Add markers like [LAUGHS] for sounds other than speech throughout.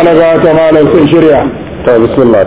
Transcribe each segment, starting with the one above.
ana za ta malar sun shirya ta bismillah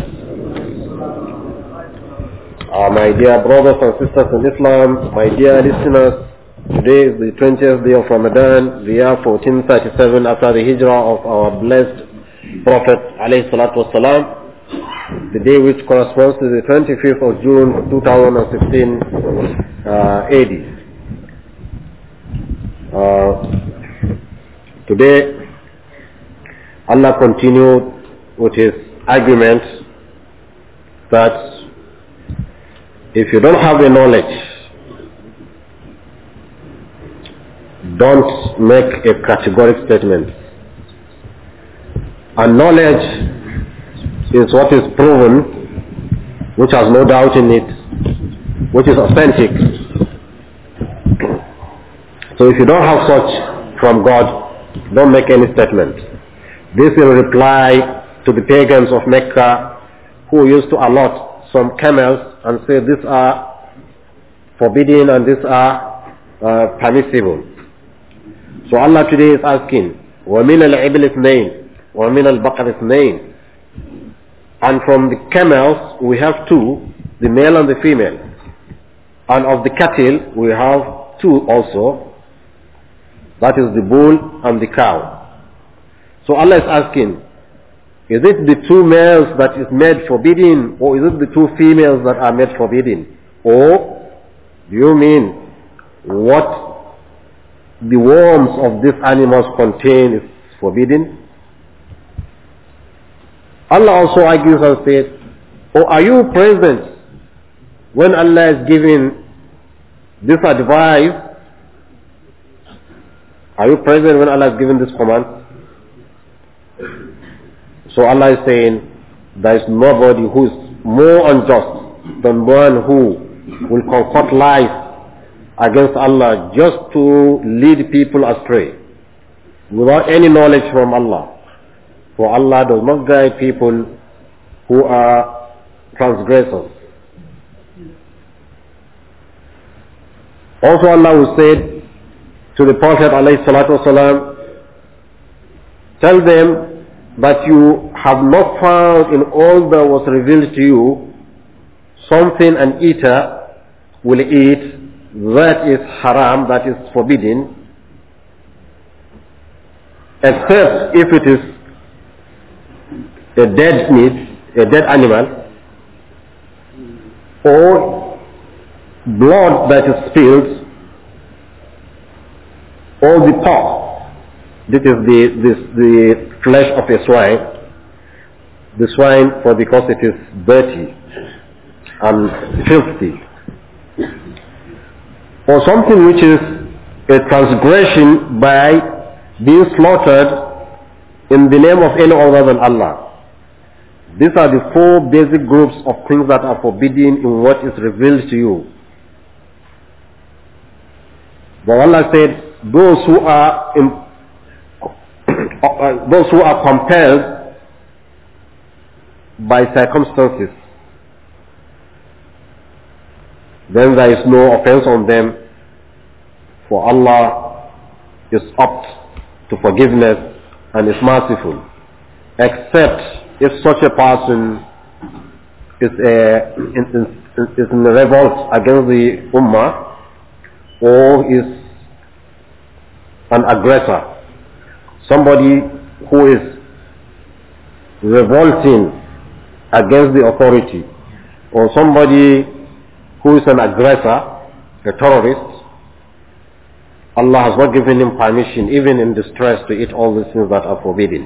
My dear brothers and sisters in Islam, my dear listeners, today is the 20th day of Ramadan, the year 1437 after the hijrah of our blessed Prophet alayhi salatu the day which corresponds to the 25th of June 2016 uh, AD. Uh, today, Allah continued with his argument that if you don't have the knowledge, don't make a categorical statement. And knowledge is what is proven, which has no doubt in it, which is authentic. So if you don't have such from God, don't make any statement. This will reply to the pagans of Mecca who used to allot some camels and say these are forbidden and these are uh, permissible. So Allah today is asking, وَمِنَ الْعِبْلِ اثْنَيْنِ وَمِنَ الْبَقَرِ اثْنَيْنِ And from the camels we have two, the male and the female. And of the cattle we have two also, that is the bull and the cow. So Allah is asking, is it the two males that is made forbidden or is it the two females that are made forbidden? Or do you mean what the worms of these animals contain is forbidden? Allah also argues and says, or oh, are you present when Allah is giving this advice? Are you present when Allah is giving this command? So Allah is saying, there is nobody who is more unjust than one who will concoct lies against Allah just to lead people astray without any knowledge from Allah. For Allah does not guide people who are transgressors. Also Allah said to the Prophet alayhi salatu tell them that you have not found in all that was revealed to you something an eater will eat that is haram, that is forbidden, except if it is a dead meat, a dead animal, or blood that is spilled, or the part. This is the, this, the flesh of a swine. The swine, for because it is dirty and filthy. Or something which is a transgression by being slaughtered in the name of any other than Allah. These are the four basic groups of things that are forbidden in what is revealed to you. But Allah said, those who are in uh, uh, those who are compelled by circumstances, then there is no offense on them, for Allah is apt to forgiveness and is merciful, except if such a person is, a, is in revolt against the Ummah or is an aggressor somebody who is revolting against the authority or somebody who is an aggressor, a terrorist, Allah has not given him permission, even in distress, to eat all the things that are forbidden.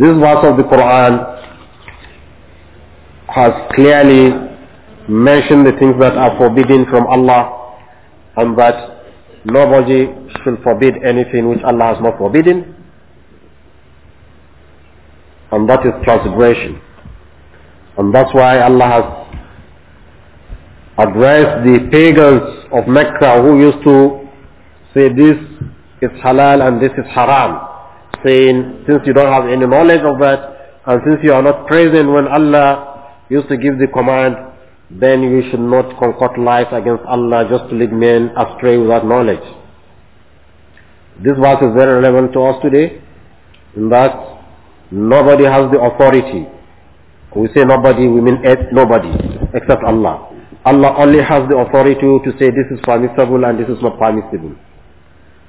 This verse of the Quran has clearly mentioned the things that are forbidden from Allah and that nobody will forbid anything which Allah has not forbidden. And that is transgression. And that's why Allah has addressed the pagans of Mecca who used to say this is halal and this is haram. Saying since you don't have any knowledge of that and since you are not present when Allah used to give the command then you should not concoct lies against Allah just to lead men astray without knowledge. This verse is very relevant to us today in that nobody has the authority. We say nobody, we mean nobody except Allah. Allah only has the authority to say this is permissible and this is not permissible.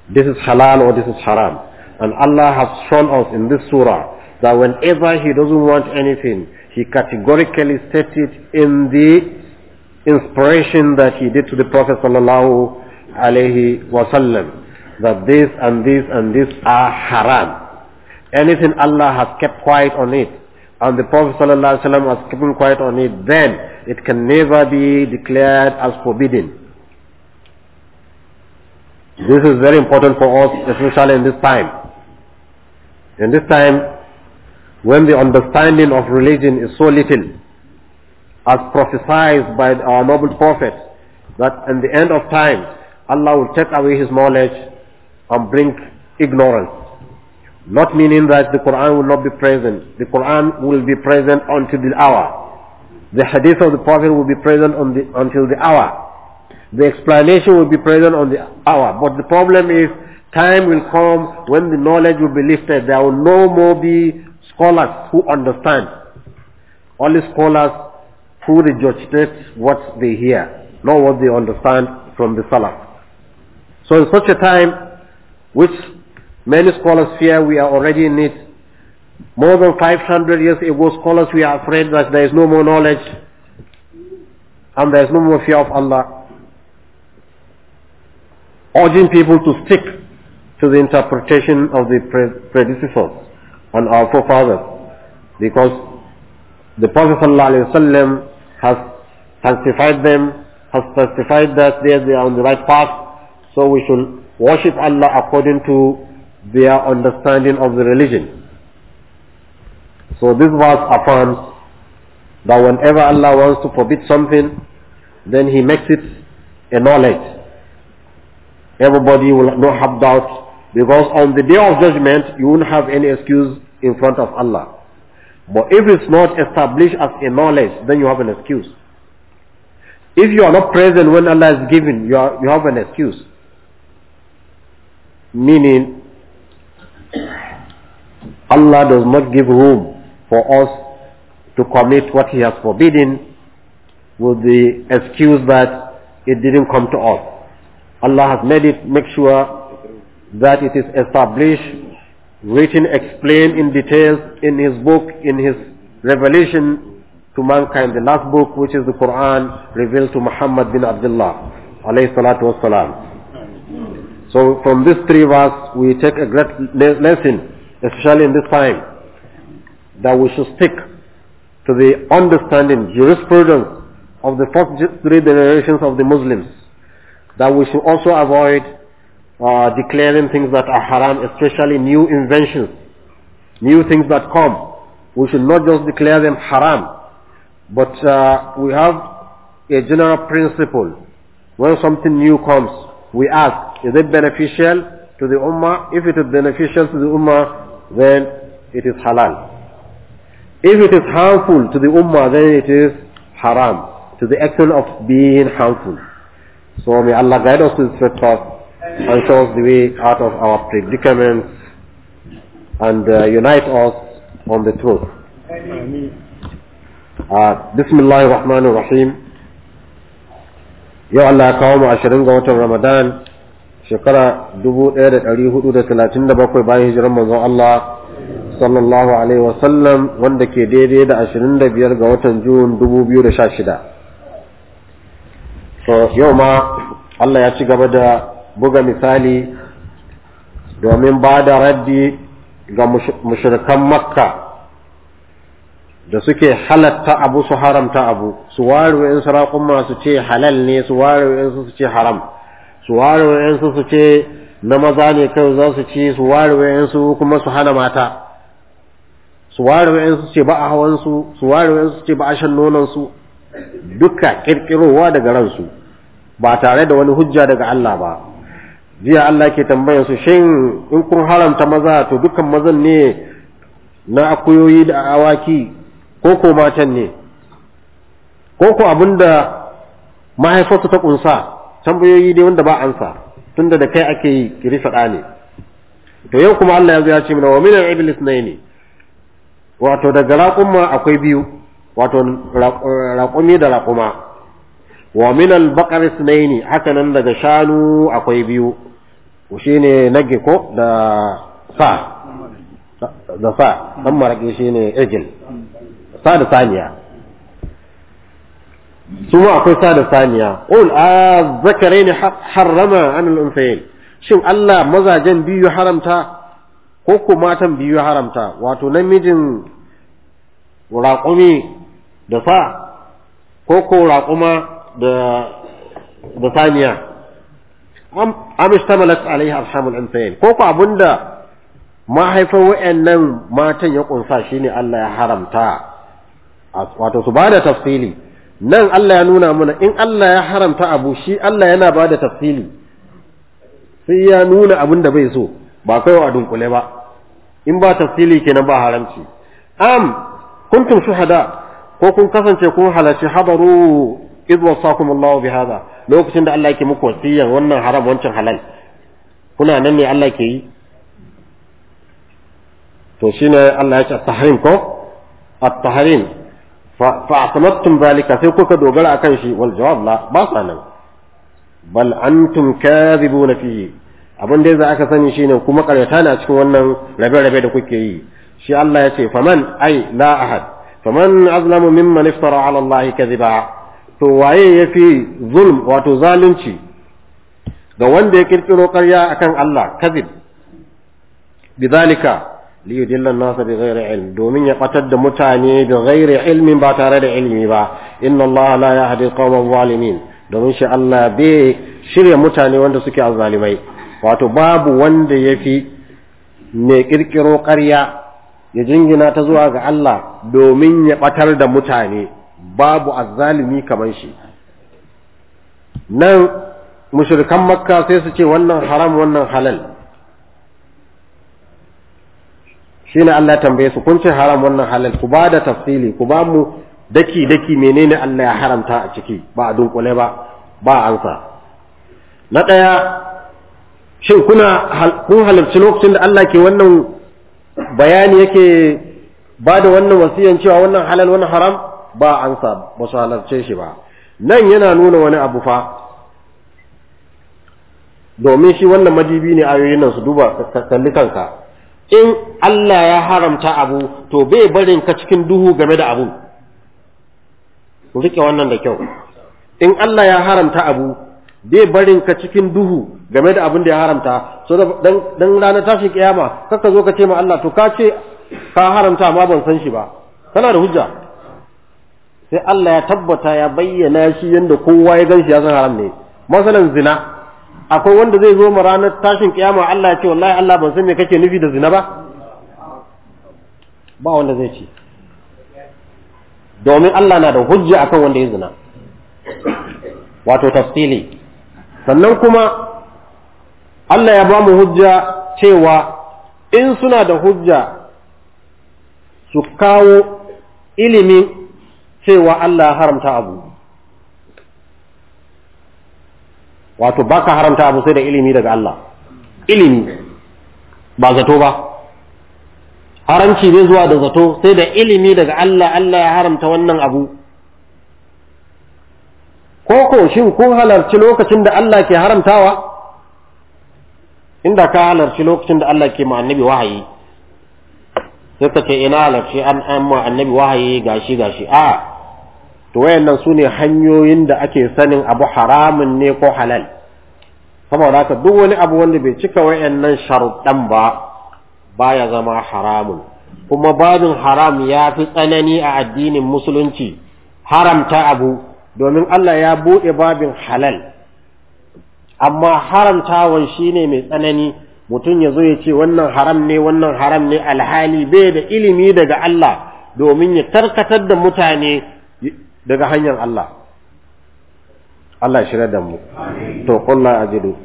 This is halal or this is haram. And Allah has shown us in this surah that whenever He doesn't want anything, He categorically states it in the inspiration that He did to the Prophet sallallahu alaihi wasallam that this and this and this are haram. Anything Allah has kept quiet on it, and the Prophet ﷺ has kept quiet on it, then it can never be declared as forbidden. This is very important for us, especially in this time. In this time, when the understanding of religion is so little, as prophesied by our noble prophet, that in the end of time, Allah will take away his knowledge and bring ignorance. Not meaning that the Quran will not be present. The Quran will be present until the hour. The hadith of the Prophet will be present the, until the hour. The explanation will be present on the hour. But the problem is time will come when the knowledge will be lifted. There will no more be scholars who understand. Only scholars who regurgitate what they hear, not what they understand from the Salaf. So in such a time, which many scholars fear we are already in it. More than 500 years ago, scholars we are afraid that there is no more knowledge and there is no more fear of Allah. Urging people to stick to the interpretation of the predecessors and our forefathers because the Prophet ﷺ has sanctified them, has testified that they are on the right path, so we should worship Allah according to their understanding of the religion. So this verse affirms that whenever Allah wants to forbid something, then He makes it a knowledge. Everybody will not have doubt because on the day of judgment you won't have any excuse in front of Allah. But if it's not established as a knowledge, then you have an excuse. If you are not present when Allah is giving, you, are, you have an excuse. Meaning, Allah does not give room for us to commit what He has forbidden with the excuse that it didn't come to us. Allah has made it, make sure that it is established, written, explained in details in His book, in His revelation to mankind. The last book, which is the Quran, revealed to Muhammad bin Abdullah, alayhi salatu wasalam. So from these three verses, we take a great lesson, especially in this time, that we should stick to the understanding, jurisprudence of the first three generations of the Muslims, that we should also avoid uh, declaring things that are haram, especially new inventions, new things that come. We should not just declare them haram, but uh, we have a general principle. When something new comes, we ask, is it beneficial to the ummah? If it is beneficial to the ummah, then it is halal. If it is harmful to the ummah, then it is haram, to the extent of being harmful. So may Allah guide us with straight path and show us the way out of our predicaments and uh, unite us on the truth. Uh, Bismillah ar-Rahman rahim yau Allah ya kawo mu ashirin ga watan Ramadan shekara dubu ɗaya da ɗari hudu da talatin da bakwai bayan hijiran manzon Allah sallallahu alaihi wasallam wanda ke daidai da ashirin da biyar ga watan Jun dubu biyu da sha shida. So yau ma Allah ya ci gaba da buga misali domin ba da raddi ga mushrikan Makka da suke halatta abu su haramta abu su ware in sarakun su ce halal ne su ware in su ce haram su ware in su ce na maza ne kai za su ci su ware in su kuma su hana mata su ware in su ce ba a hawan su su ware in su ce ba a shan nonon su duka kirkirowa daga ransu ba tare da wani hujja daga Allah ba jiya Allah ke tambayar su shin in kun haramta maza to dukkan mazan ne na akuyoyi da awaki ko ko matan ne ko ko abinda mahaifarsu ta kunsa tambayoyi ne wanda ba ansa tunda da kai ake yi kiri faɗa ne to yau kuma Allah ya zo ya ce mana wa min al-iblis nayni wato daga raqumma akwai biyu wato raqumi da raƙuma wa min al-baqar nayni haka nan daga shanu akwai biyu shine nage ko da sa da sa dan marake shine ejil sada saniya su ma akwai sada saniya ul a zakarai ne harrama an al'unfayin shin Allah mazajen biyu haramta ko ko matan biyu haramta wato namijin raƙumi da sa ko ko raƙuma da saniya am ishtamalat alaihi arhamul unfayin ko ko abinda mahaifar wayannan matan ya kunsa shine Allah ya haramta wato su bada tafsili nan Allah ya nuna mana in Allah ya haramta abu shi Allah yana bada tafsili sai ya nuna abin da bai so ba kai wa dunkule ba in ba tafsili kenan ba haramci am kuntum shuhada ko kun kasance kun halarci habaru idh wasakum Allah bi hada lokacin da Allah yake muku wasiyan wannan haram wancan halal kuna nan ne Allah ke yi to shine Allah ya ce tahrim ko at-tahrim فاعتمدتم ذلك سيكوك دوغلا أكن شيء والجواب لا باصنا بل أنتم كاذبون فيه abin da za aka sani shine karyata ne na cikin wannan rabe-rabe da kuke yi shi Allah ya ce faman ai la ahad faman azlamu mimman iftara ala Allah kadhiba to waye yafi zulm wato zalunci ga wanda ya kirkiro ƙarya akan Allah kadhib bidhalika li nasa an-nasa bighairi ilm domin ya batar da mutane bighairi ilmin ba tare da ilmi ba inna allaha la yahdi al-qawma zalimin domin shi Allah bai shirya mutane wanda suke azzalimai wato babu wanda yafi mai kirkiro ƙarya ya jingina ta zuwa ga Allah domin ya batar da mutane babu azzalimi kamar shi nan mushrikan makka sai su ce wannan haram wannan halal shine Allah ya tambaye su kun ce haram wannan halal ku ba da tafsili ku ba mu daki daki menene Allah ya haramta a ciki ba a dunkule ba ba ansa na daya shin kuna kun halarci lokacin da Allah ke wannan bayani yake ba da wannan wasiyan cewa wannan halal wannan haram ba ansa ba su halarce shi ba nan yana nuna wani abu fa domin shi wannan madibi ne ayoyin nan su duba kalli kanka in Allah ya haramta abu to bai barin ka cikin duhu game da abu ku rike wannan da kyau in Allah ya haramta abu bai barin ka cikin duhu game da abin da ya haramta so dan dan ranar tashi kiyama kaka zo ka ce ma Allah to ka ce ka haramta ma ban san shi ba kana da hujja sai Allah ya tabbata ya bayyana shi yanda kowa ya gan shi ya san haram ne masalan zina akwai wanda zai zo ma ranar tashin kiyama Allah ya ce wallahi Allah ban san me kake nufi da zina ba ba wanda zai ce domin Allah na da hujja akan wanda ya zina wato tafsili sannan kuma Allah ya ba mu hujja cewa in suna da hujja su kawo ilimin cewa Allah haramta abu wato baka haramta abu sai da ilimi daga Allah ilimi ba zato ba haramci bai zuwa da zato sai da ilimi daga Allah Allah ya haramta wannan abu ko ko shin kun halarci lokacin da Allah ke haramtawa inda ka halarci lokacin da Allah ke ma annabi wahayi sai ka ce ina halarci an an annabi wahayi gashi gashi a to wayannan su ne hanyoyin da ake sanin abu haramun ne ko halal saboda haka duk wani abu wanda bai cika wayannan sharuɗan ba baya zama haramun kuma babin haram ya fi tsanani a addinin musulunci haramta abu domin Allah ya buɗe babin halal amma haramtawan shine mai tsanani mutum ya zo ya ce wannan haram ne wannan haram ne alhali bai da ilimi daga Allah domin ya tarkatar da mutane daga hanyar Allah Allah shirya da mu to qul ajidu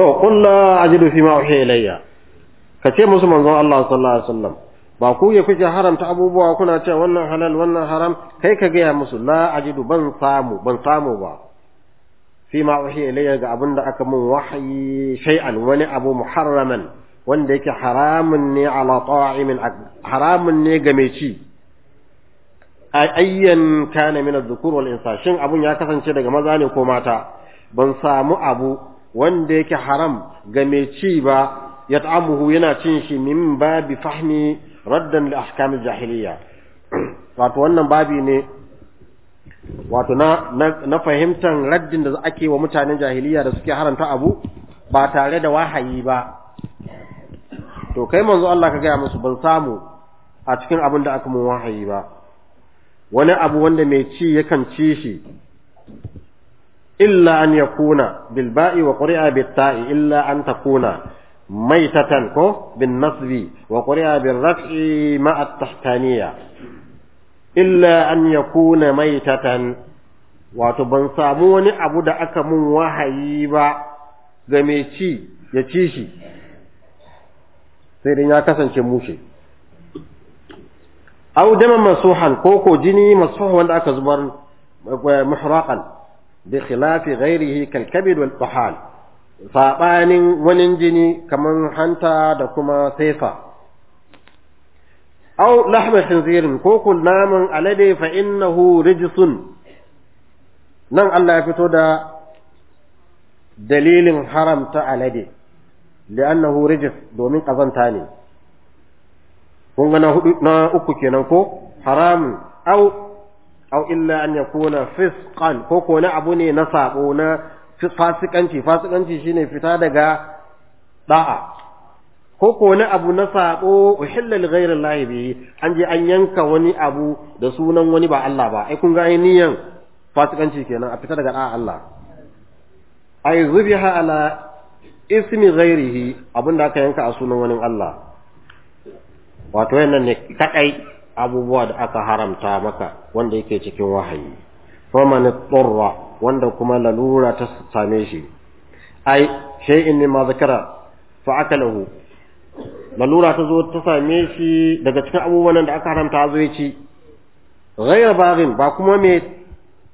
to qul la ajidu fi ma uhiya ilayya kace musu manzon Allah sallallahu alaihi wasallam ba ku ya kuke haramta abubuwa kuna ce wannan halal wannan haram kai ka gaya musu la ajidu ban samu ban samu ba fi ma uhiya ilayya ga abinda aka mun wahayi shay'an wani abu muharraman wanda yake haramun ne ala ta'imin haramun ne ga mai ci ayyan kana min adh-dhukur wal insa shin abun ya kasance daga maza ne ko mata ban samu abu wanda yake haram ga mai ci ba ya ta'amuhu yana cin shi min babi fahmi raddan li ahkam jahiliya [CLEARS THROAT] wato wannan babi ne wato na na fahimtan raddin da ake wa mutanen jahiliya da suke haranta abu ba tare da wahayi ba to kai manzo Allah ka gaya musu ban samu a cikin abin da aka mun wahayi ba wani abu wanda mai ci yakan ci shi illa an yakuna bil ba'i wa quri'a bit ta'i illa mai takuna maitatan ko bin nasbi wa quri'a bil raf'i ma'a tahtaniyya illa an yakuna maitatan wato ban samu wani abu da aka mun wahayi ba ga ya ci shi sai dai ya kasance mushe au daman masuhan ko ko jini masu wanda aka zubar eh, muhraqan bi khilafi ghairihi kal kabid wal tuhal sabanin wani jini kaman hanta da kuma saifa aw lahma khinzirin ko kul naman alade fa innahu rijsun nan Allah ya fito da dalilin haramta alade li'annahu rijis domin kazanta ne kun ga na hudu na uku kenan ko Haramun. aw aw illa an yakuna fisqan ko ko na abu ne na sabo na fasikanci fasikanci shine fita daga da'a ko ko na abu na sabo uhilla li ghayri Allah bi an je an yanka wani abu da sunan wani ba Allah ba ai kun ga niyan fasikanci kenan a fita daga da'a Allah ai zubiha ala ismi ghayrihi abinda aka yanka a sunan wani Allah wato yannan ne kadai abubuwa da aka haramta maka wanda yake cikin wahayi faman turra wanda kuma lalura ta same shi ai shay'in ma zakara fa akalahu lalura ta zo ta same shi daga cikin abubuwan da aka haramta zo ya ci baghin ba kuma me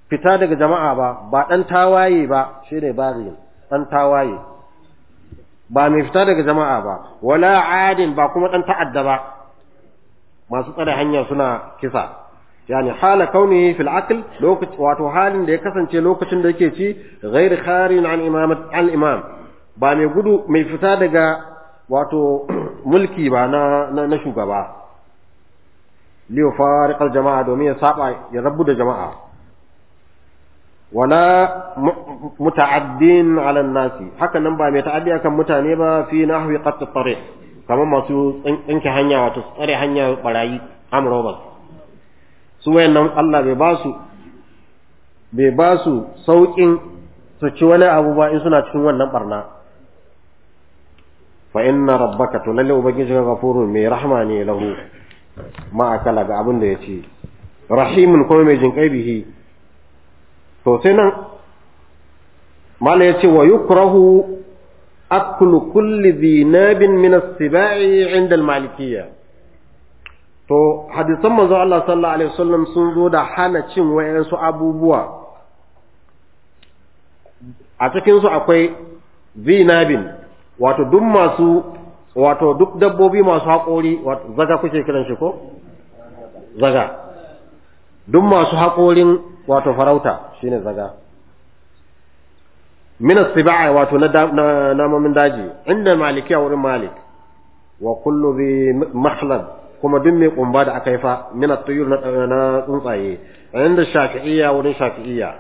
fita daga jama'a ba ba dan tawaye ba shine baghin dan tawaye ba mai fita daga jama'a ba wala adin ba kuma dan ta'adda ba masu tsare hanya suna kisa yani hala kauni fil akl lokacin wato halin da ya kasance lokacin da yake ci ghair kharin an imamat al imam ba mai gudu mai fita daga wato [CLEARS THROAT] mulki ba na na, shugaba liyo fariq al jama'a domin ya saba ya rabu da jama'a wala muta'addin ala nasi haka nan ba mai ta'addi akan mutane ba fi nahwi qat tariq kamar masu tsinke hanya wato tsare hanya barayi amrobas su wayannan Allah bai ba su bai ba su sauƙin su ci wani abu ba in suna cikin wannan barna fa inna rabbaka to lalle ubangiji gafuru mai rahma ne lahu ma akala ga abin da ya ce rahimun kuma mai jinkai bihi to sai nan mala ya ce wa yukrahu أكل كل ذي ناب من السباع 'inda المالكية to hadisan manzo Allah sallallahu alaihi wasallam sun zo da hana cin wayansu abubuwa a cikin su akwai zinabin wato duk masu wato duk dabbobi masu haƙori zaga kuke kiran shi ko zaga duk masu haƙorin wato farauta shine zaga min sibaa wato na namomin daji inda maliki a wurin malik wa kullu bi mahlab kuma duk mai kumba da aka yi fa min at-tuyur na tsuntsaye inda shafi'iyya wurin shafi'iyya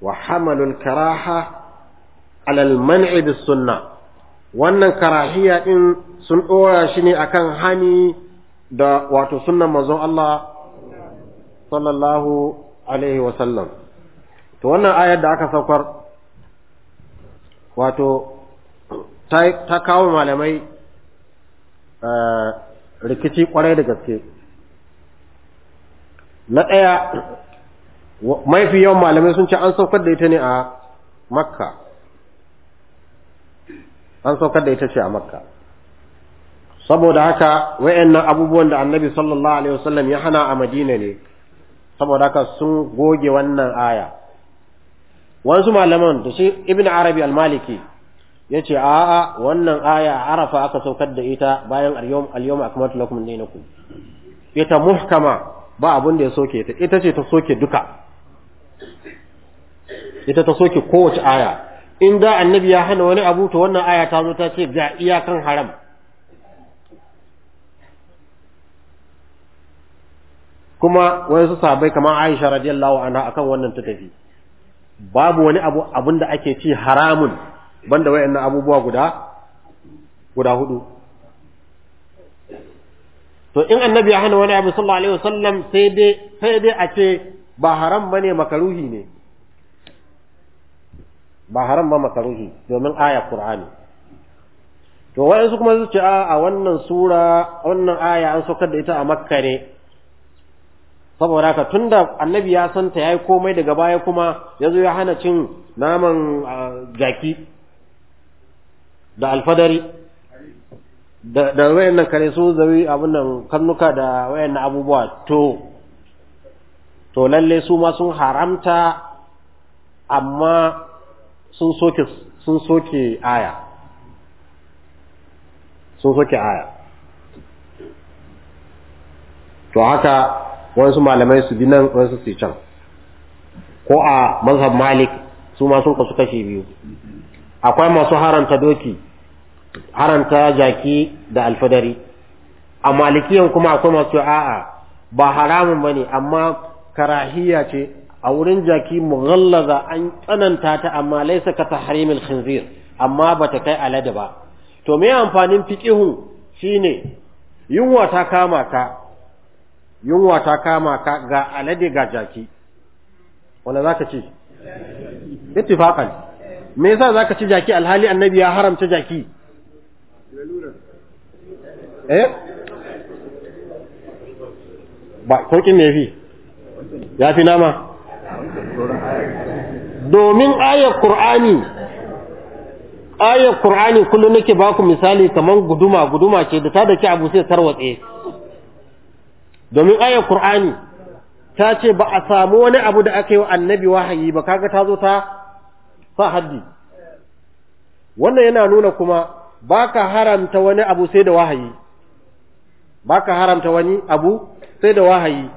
wa hamalul karaha ala al-man'i bis sunnah wannan karahiya din sun dora shi ne akan hani da wato sunnan manzon Allah sallallahu alaihi wa sallam to wannan ayar da aka saukar wato ta kawo malamai eh, rikici kwarai da gaske na ɗaya mafi yawan malamai sun ce an saukar da ita ne a makka an saukar da ita ce a makka saboda haka wayannan abubuwan da annabi sallallahu alaihi wasallam ya hana a madina ne saboda haka sun goge wannan aya wasu malaman da shi ibn arabi al-maliki yace ce a'a wannan aya arafa aka saukar da ita bayan al al-yawm akmaltu lakum dinakum ita muhkama ba abin da ya soke ta ita ce ta soke duka ita ta soke kowace aya in da annabi ya hana wani abu to wannan aya ta zo ta ce ga iyakan haram kuma wani su sabai kamar Aisha radiyallahu anha akan wannan ta tafi babu wani abu abun da ake ci haramun banda wayannan abubuwa guda guda hudu to in annabi ya hana wani abu sallallahu alaihi wasallam sai dai sai dai a ce ba haram bane makaruhi ne ba haram ba makaruhi domin aya qur'ani to wayansu kuma su ce a wannan sura wannan aya an saukar da ita a makka ne saboda haka tunda annabi ya san santa yayi komai daga baya kuma yazo ya hana cin naman jaki da alfadari da da wayannan kare su zawi abun nan karnuka da wayannan abubuwa to to lalle su ma sun haramta amma sun soke sun soke aya sun soke aya to haka wasu malamai su bi nan wasu su can ko a mazhab malik su ma sun kasu kashe biyu akwai masu haranta doki haranta jaki da alfadari a malikiyan kuma akwai masu a'a ba haramun ba ne amma karahiya ce a wurin jaki mughallaza an tsananta ta amma laisa ka tahrimil khinzir amma ba ta kai alade ba to me amfanin fiqihun shine yunwa ta kama ka yunwa ta kama ka ga alade ga jaki wanda za ka ci ittifaqan me yasa za ka ci jaki alhali annabi ya haramta jaki eh ba sauƙin ne fi ya fi nama domin ayar ƙur'ani, ayar ƙur'ani kullum nake baku misali kamar guduma guduma ce da ta dake abu sai tarwatse domin ayar kur'ani ta ce ba a samu wani abu da aka yi wa annabi wahayi ba kaga ta zo ta sa haddi wannan yana nuna kuma baka haramta wani abu sai da wahayi baka haramta wani abu sai da wahayi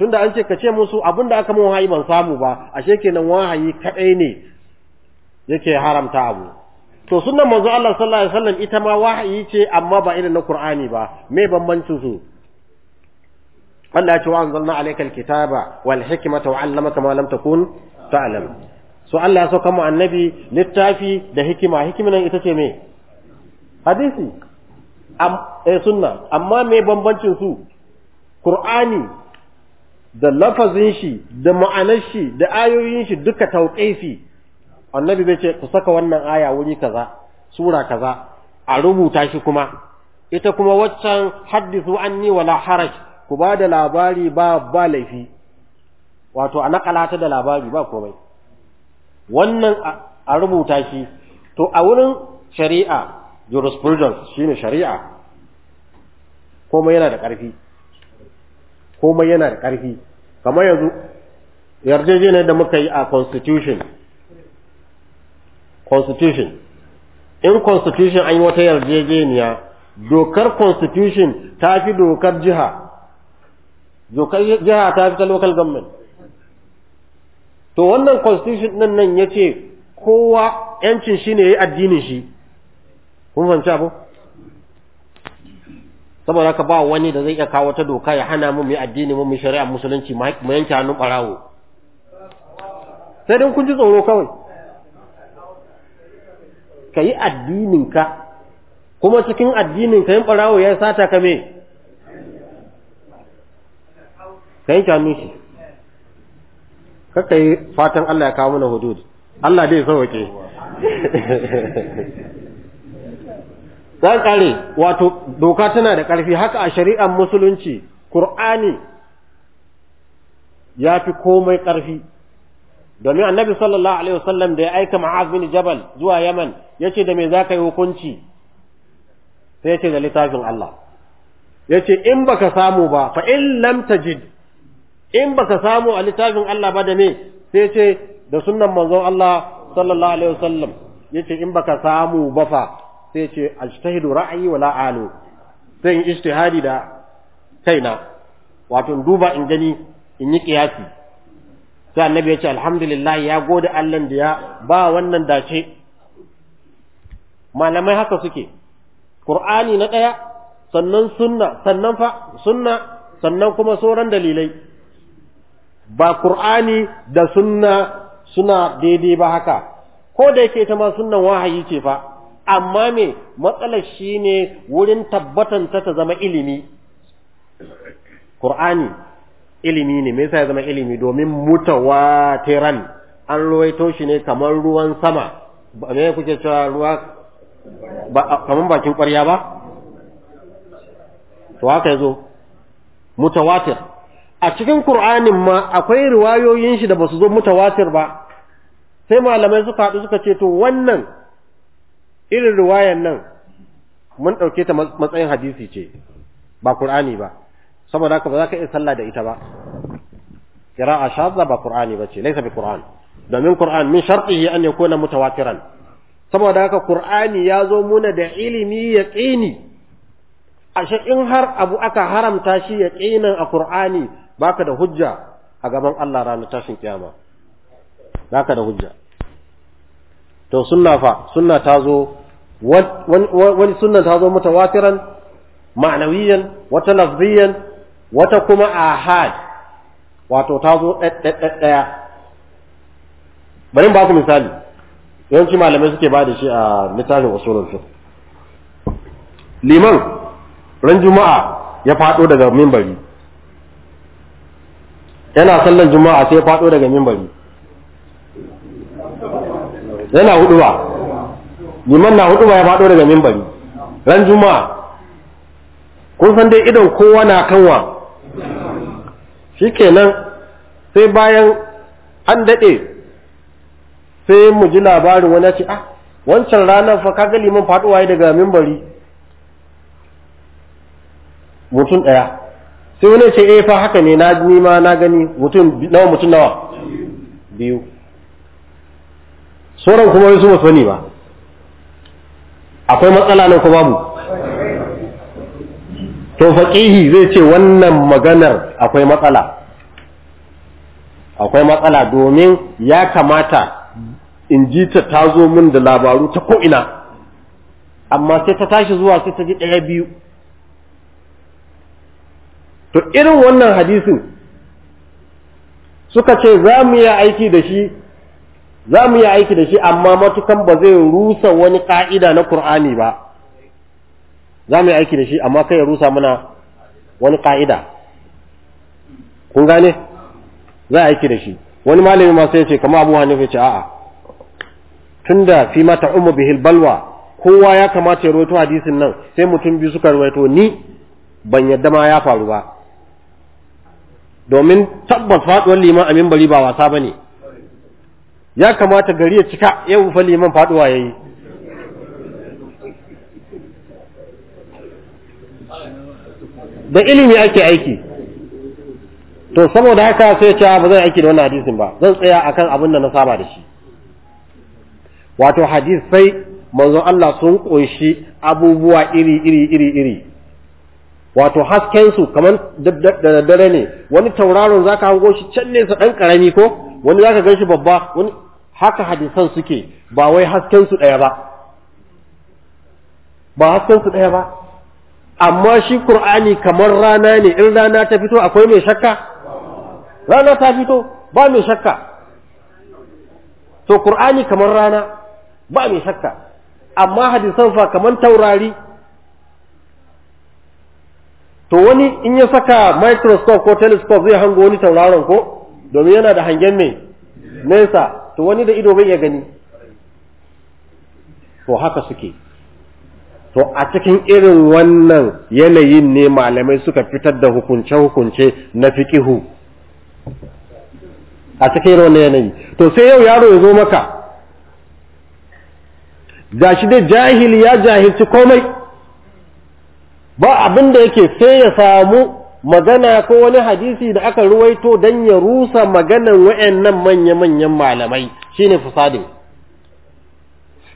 tunda an ce ka ce musu abin da aka mun wahayi ban samu ba ashe kenan wahayi kadai ne yake haramta abu to sunnan manzo Allah sallallahu alaihi wasallam ita ma wahayi ce amma ba irin na Qur'ani ba me bambancin su Allah ya ce wa anzalna alaykal kitaba wal hikmata wa 'allamaka ma lam takun ta'lam so Allah ya sauka mu annabi littafi da hikima hikiman ita ce me hadisi am eh sunna amma me bambancin su qur'ani da lafazin shi da ma'anar shi da ayoyin shi duka tauqifi annabi bai ce ku saka wannan aya wuri kaza sura kaza a rubuta shi kuma ita kuma waccan haddisu anni wala haraj ku ba da labari ba ba laifi wato a nakala ta da labari ba komai wannan a rubuta shi to a wurin shari'a jurisprudence shine shari'a komai yana da ƙarfi komai yana da ƙarfi kamar yanzu yarjejeniyar da muka yi a constitution constitution in constitution an yi wata yarjejeniya dokar constitution ta fi dokar jiha zokai jiha ta fi ta local government to wannan constitution din nan ya ce kowa yancin shi ne ya yi addinin shi kun fahimci abu saboda haka ba wani da zai iya kawo ta doka ya hana mu mai addini mu mai shari'a musulunci mu yanke hannun barawo sai dan kun ji tsoro kawai ka yi addininka kuma cikin addinin ka yin barawo ya sata ka mai ka yanke shi kakka fatan Allah ya kawo mana hudud Allah dai sauke dan kare wato doka tana da ƙarfi haka a shari'ar musulunci Kur'ani ya fi komai ƙarfi domin annabi sallallahu alaihi wasallam da ya aika ma'az bin jabal zuwa yaman yace da me za yi hukunci sai yace da littafin Allah yace in baka samu ba fa in lam tajid in ba ka samu a littafin Allah ba da me sai ce da sunnan manzon Allah sallallahu alaihi wasallam yace in baka samu ba fa sai ce ajtahidu ra'ayi wala alu sai in ijtihadi da kaina wato duba in gani in yi kiyasi sai annabi ya ce alhamdulillah ya gode Allah da ya ba wannan dace malamai haka suke qur'ani na daya sannan sunna sannan fa sunna sannan kuma sauran dalilai ba Qur'ani da sunna suna daidai ba haka ko da yake ta ma sunnan wahayi ce fa amma me matsalar shi ne wurin tabbatan ta zama ilimi Qur'ani ilimi ne me yasa ya zama ilimi domin mutawatiran an ruwaito shi ne kamar ruwan sama me kuke cewa ruwa kamar bakin ƙwarya ba to haka yazo mutawatir a cikin Kur'anin ma akwai riwayoyin shi da basu zo mutawatir ba sai malamai suka haɗu suka ce to wannan irin riwayan nan mun ɗauke ta matsayin hadisi ce ba Kur'ani ba saboda haka ba za ka iya sallah da ita ba qira'a shadda ba Kur'ani ba ce laysa bi Qur'an domin Kur'an min shartihi an yakuna mutawatiran saboda haka Kur'ani ya zo muna da ilimi yaqini ashe in har abu aka haramta shi yaqinan a Kur'ani. baka da hujja a gaban Allah ranar tashin kiyama baka da hujja to sunna fa sunna ta zo wani sunna ta zo mutawatiran ma'anawiyan wata lafziyan wata kuma ahad wato ta zo ɗaya bari ba ku misali yawanci malamai suke ba da shi a littafin usulul fiqh liman ran juma'a ya faɗo daga mimbari yana sallar juma'a sai faɗo daga mimbari yana hudu ba liman na hudu ba ya faɗo daga mimbari ran juma'a kun san dai idan kowa na kanwa shikenan sai bayan an daɗe sai mu ji labarin wani ce ah wancan ranar fa kaga liman faɗuwa daga mimbari mutum ɗaya sai wani ce e fa haka ne na ni ma na gani mutum nawa mutum nawa biyu sauran kuma wasu ba sani ba akwai matsala nan kuma mu to faqihi zai ce wannan maganar akwai matsala akwai matsala domin ya kamata in ji ta ta zo min da labaru ta ko'ina amma sai ta tashi zuwa sai ta ji ɗaya biyu to irin wannan hadisin suka ce za mu yi aiki da shi za mu yi aiki da shi amma matukan ba zai rusa wani ka'ida na Qur'ani ba za mu yi aiki da shi amma kai ya rusa mana wani ka'ida kun gane za a aiki da shi wani malami ma sai ce kamar Abu Hanifa ce a'a tunda fi mata umu bihil balwa kowa ya kamata ya rawaito hadisin nan sai mutum biyu suka rawaito ni ban yadda ma ya faru ba domin tabbas faduwar liman a mimbari ba wasa bane ya kamata gari ya cika yau fa liman faduwa yayi da ilimi ake aiki to saboda haka sai ce ah, ba zan aiki da wannan hadisin ba zan tsaya akan abin da na saba da shi wato hadis sai, manzon Allah sun kunshi abubuwa iri iri iri iri wato hasken su kamar da dare ne wani tauraron zaka hango shi can nesa dan karami ko wani zaka gan shi babba wani haka hadisan suke ba wai hasken su daya ba ba hasken su daya ba amma shi qur'ani kamar rana ne in rana ta fito akwai mai shakka rana ta fito ba mai shakka to qur'ani kamar rana ba mai shakka amma hadisan fa kamar taurari to wani in ya saka microscope ko telescope zai hango wani tauraron ko domin yana da hangen mai nesa to wani da ido bai iya gani to haka suke to a cikin irin wannan yanayin ne malamai suka fitar da hukunce-hukunce na fiƙihu a cikin irin wannan yanayi to sai yau yaro ya zo maka gashi dai jahili ya jahilci komai ba abin da yake sai ya samu magana ko wani hadisi da aka ruwaito don ya rusa maganan wa'annan manya-manyan malamai shine fusadin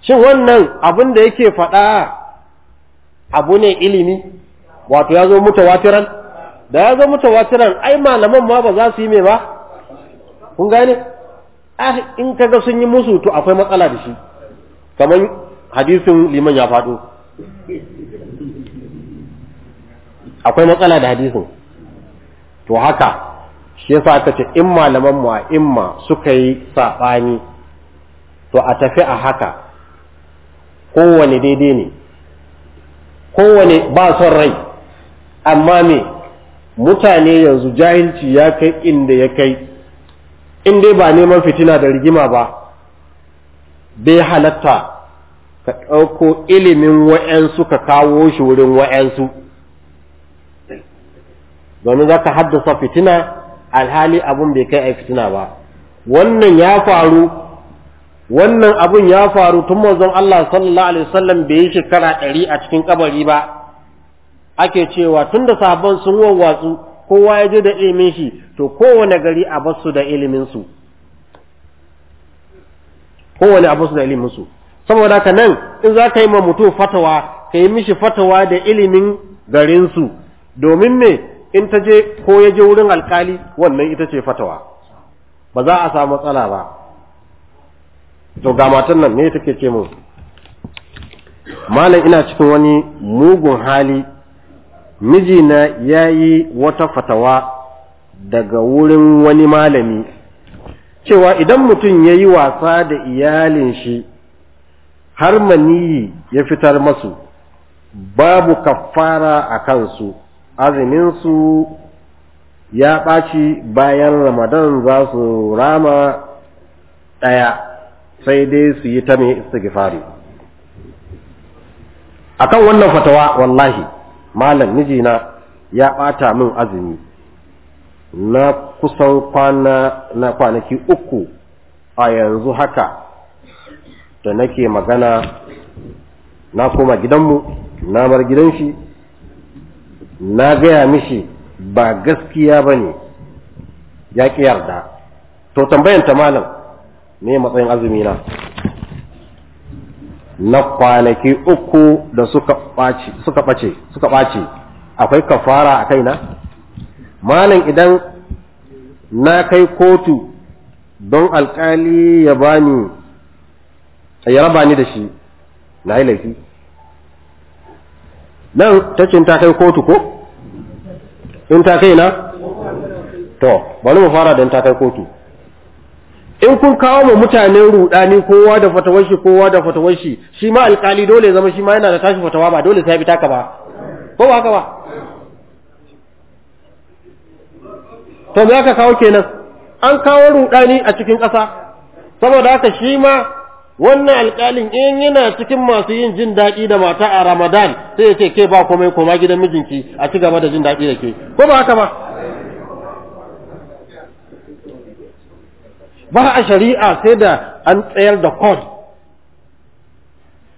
shin wannan abin da yake faɗa abu ne ilimi wato ya zo mutawatiran da ya zo mutawatiran ai malaman ma ba za su yi mai ba kun gane ah, in kaga sun yi musu to akwai matsala da shi kamar hadisin liman ya faɗo akwai matsala da hadisin to haka shi yasa aka ce in malaman mu a imma suka yi saɓani to a tafi a haka kowane daidai ne kowane ba son rai amma me mutane yanzu jahilci ya kai inda ya kai in dai ba neman fitina da rigima ba bai halatta ka ɗauko ilimin wa'yansu ka kawo shi wurin wa'yansu domin za ka haddasa fitina alhali abin bai kai a fitina ba wannan ya faru wannan abun ya faru tun mazan Allah sallallahu alaihi wasallam bai yi shekara ɗari a cikin kabari ba ake cewa tun da sahabban sun wawwatsu kowa ya je da ilimin shi to kowane gari a basu da ilimin kowane a basu da iliminsu. saboda haka nan in za ka yi ma mutum fatawa ka yi mishi fatawa da ilimin garinsu domin me in ta je ko ya je wurin alkali wannan ita ce fatawa ba za a samu matsala ba to ga matan nan ne take ce mu malam ina cikin wani mugun hali mijina ya yi wata fatawa daga wurin wani malami cewa idan mutum ya yi wasa da iyalin shi har maniyi ya fitar masu babu kafara a kansu azuminsu ya ɓaci bayan ramadan za su rama ɗaya sai dai su yi ta mai istighfari kan wannan fatawa wallahi malam mijina ya ɓata min azumi na kusan kwana na kwanaki uku a yanzu haka da nake magana na koma gidanmu na bar gidan shi na gaya mishi ba gaskiya ba ne ya ƙi yarda to tambayan ta malam ne matsayin azumi na na kwanaki uku da suka ɓace suka ɓace suka ɓace akwai kafara a kaina malam idan na kai kotu don alkali ya bani ya raba ni da shi na yi laifi nan ta cin ta kai kotu ko in ta kai na to bari mu fara da in ta kai kotu in kun kawo mu mutane rudani kowa da fatawar shi kowa da fatawar shi shi ma alkali dole zama shi ma yana da tashi fatawa ba dole sai bi taka ba ko ba haka ba to me aka kawo kenan an kawo rudani a cikin ƙasa saboda haka shi ma wannan alƙalin in yana cikin masu yin jin daɗi da mata a Ramadan sai ya ce ke ba komai koma gidan mijinki a ci gaba da jin daɗi da ke ko ba haka ba ba a shari'a sai da an tsayar da code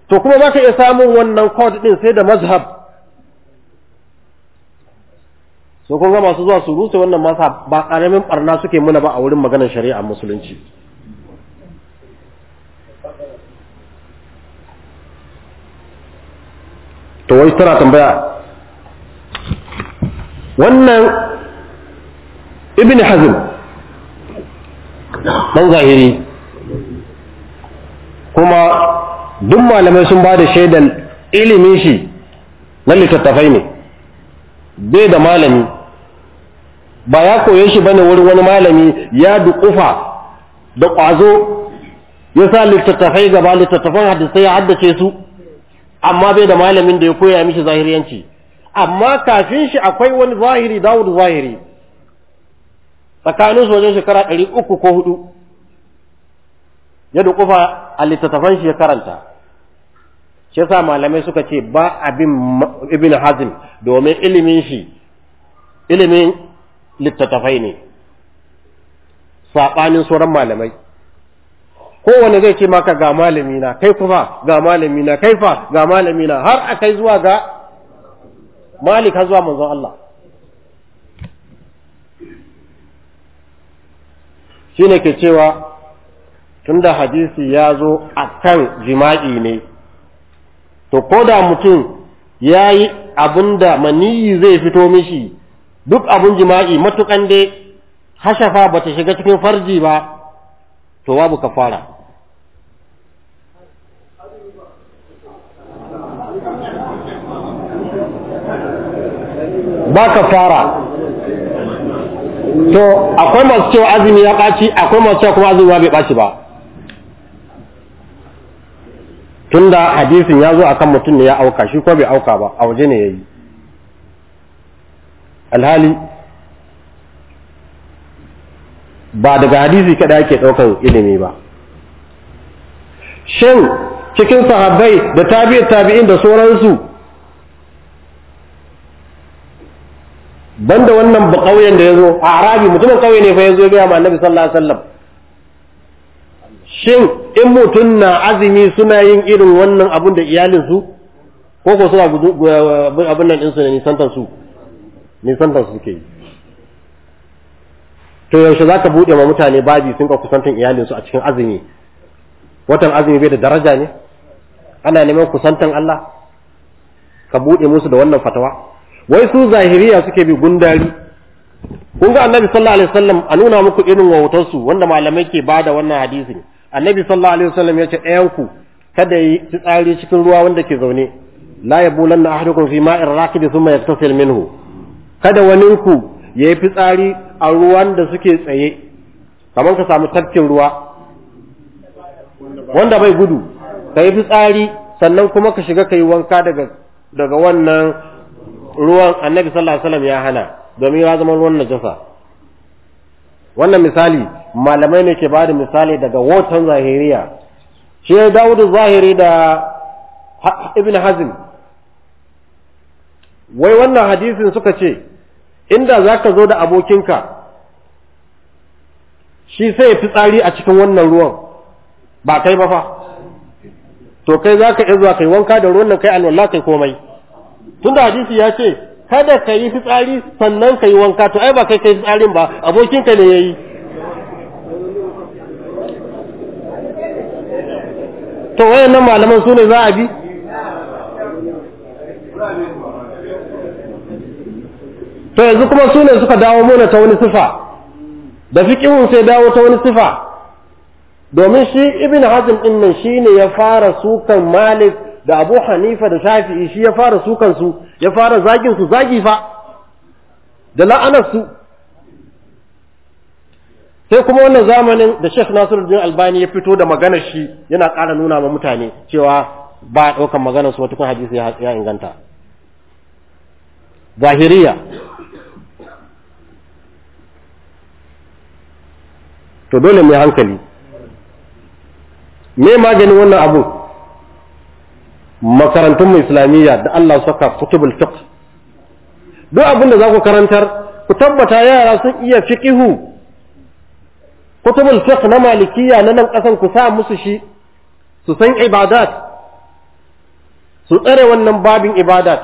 to kuma ba iya samun wannan code ɗin sai da mazhab so kun ga masu zuwa su rusa wannan masa ba ƙaramin ɓarna suke muna ba a wurin maganar shari'a musulunci to wai tana tambaya wannan ibn hazm dan zahiri kuma duk malamai sun ba da shaidan ilimin shi na littattafai ne bai da malami ba ya koye shi bane wurin wani malami ya duƙufa da ƙwazo ya sa littattafai gaba littattafan hadisai ya haddace su amma bai da malamin da ya koya mishi zahiriyanci amma kafin shi akwai wani zahiri Dawud zahiri tsakanin su shekara ɗari uku ko hudu ya dukufa a littattafan shi ya karanta shi yasa malamai suka ce ba abin ibn hazim domin ilimin shi ilimin littattafai ne saɓanin sauran malamai kowane zai ce maka ga malami na kai kuma ga malami na kai fa ga malami na har a kai zuwa ga malik har zuwa manzon Allah Shi ne ke cewa tun da hadisi ya zo a kan jima'i ne to ko da mutum ya yi abin da maniyi zai fito mishi duk abin jima'i matukan dai hashafa ba ta shiga cikin farji ba to babu kafara ba ka fara to akwai masu cewa azumi ya ɓaci akwai masu cewa kuma azumi bai ɓaci ba tunda hadisin ya zo akan mutum ne ya auka shi ko bai auka ba a waje ne ya yi alhali ba daga hadisi kada ake ɗaukar ilimi ba shin cikin sahabbai da tabi'in da sauransu banda wannan ba kauyen da yazo a arabi mutumin kauye ne fa yazo ga ma annabi sallallahu alaihi wasallam shin in mutum na azumi suna yin irin wannan abun da iyalin su ko ko suna abun nan din su ne nisantan su nisantan su suke yi to yaushe zaka bude ma mutane babi sun ka kusantan iyalin su a cikin azumi watan azumi bai da daraja ne ana neman kusantan Allah ka bude musu da wannan fatawa wai su zahiriya suke bi gundari kun ga annabi sallallahu alaihi wasallam a nuna muku irin wautar su wanda malamai ke bada wannan hadisin annabi sallallahu alaihi wasallam ya ce ɗayan ku kada yi tsari cikin ruwa wanda ke zaune la yabulanna ahadukum fi ma'in raqibi thumma yaktasil minhu kada wanin ku yayi fitsari a ruwan da suke tsaye kamar ka samu tafkin ruwa wanda bai gudu ka fitsari sannan kuma ka shiga ka wanka daga daga wannan ruwan annabi sallallahu alaihi wasallam ya hana domin ya zama ruwan najasa wannan misali malamai ne ke ba da misali daga watan zahiriya shi ya zahiri da ibn hazm wai wannan hadisin suka ce inda za ka zo da abokinka shi sai ya fi tsari a cikin wannan ruwan ba kai ba fa to kai za ka iya zuwa kai wanka da ruwan nan kai alwallah kai komai tunda hadisi ya ce kada ka yi fitsari sannan ka yi wanka to ai ba kai kai fitsarin ba abokinka ne yayi to wayannan malaman su ne za a bi to yanzu kuma su ne suka dawo mana ta wani sifa da fiqihun sai dawo ta wani sifa domin shi ibn hazm din nan shine ya fara sukan malik da Abu Hanifa da Shafi'i shi ya fara sukan su ya fara zagin su zagi fa da la'anar su sai kuma wannan zamanin da Sheikh Nasiruddin Albani ya fito da maganar shi yana ƙara nuna ma mutane cewa ba a ɗaukar maganar su wata kun hadisi ya inganta zahiriya to dole mai hankali me maganin wannan abu makarantun islamiyya da Allah saka kutubul fiqh duk abin da za ku karantar ku tabbata yara sun iya fiqihu kutubul fiqh na malikiyya na nan kasan ku sa musu shi su san ibadat su tsare wannan babin ibadat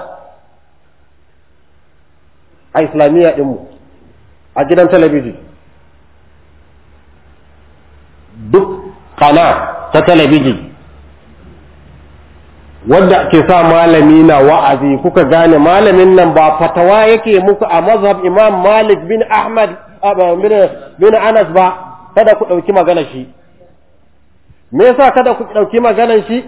a islamiyya ɗinmu a gidan talabijin duk kana ta talabijin wadda ke sa malami na wa'azi kuka gane malamin nan ba fatawa yake muku a mazhab imam malik bin ahmad bin anas ba kada ku ɗauki magana shi me yasa kada ku ɗauki maganar shi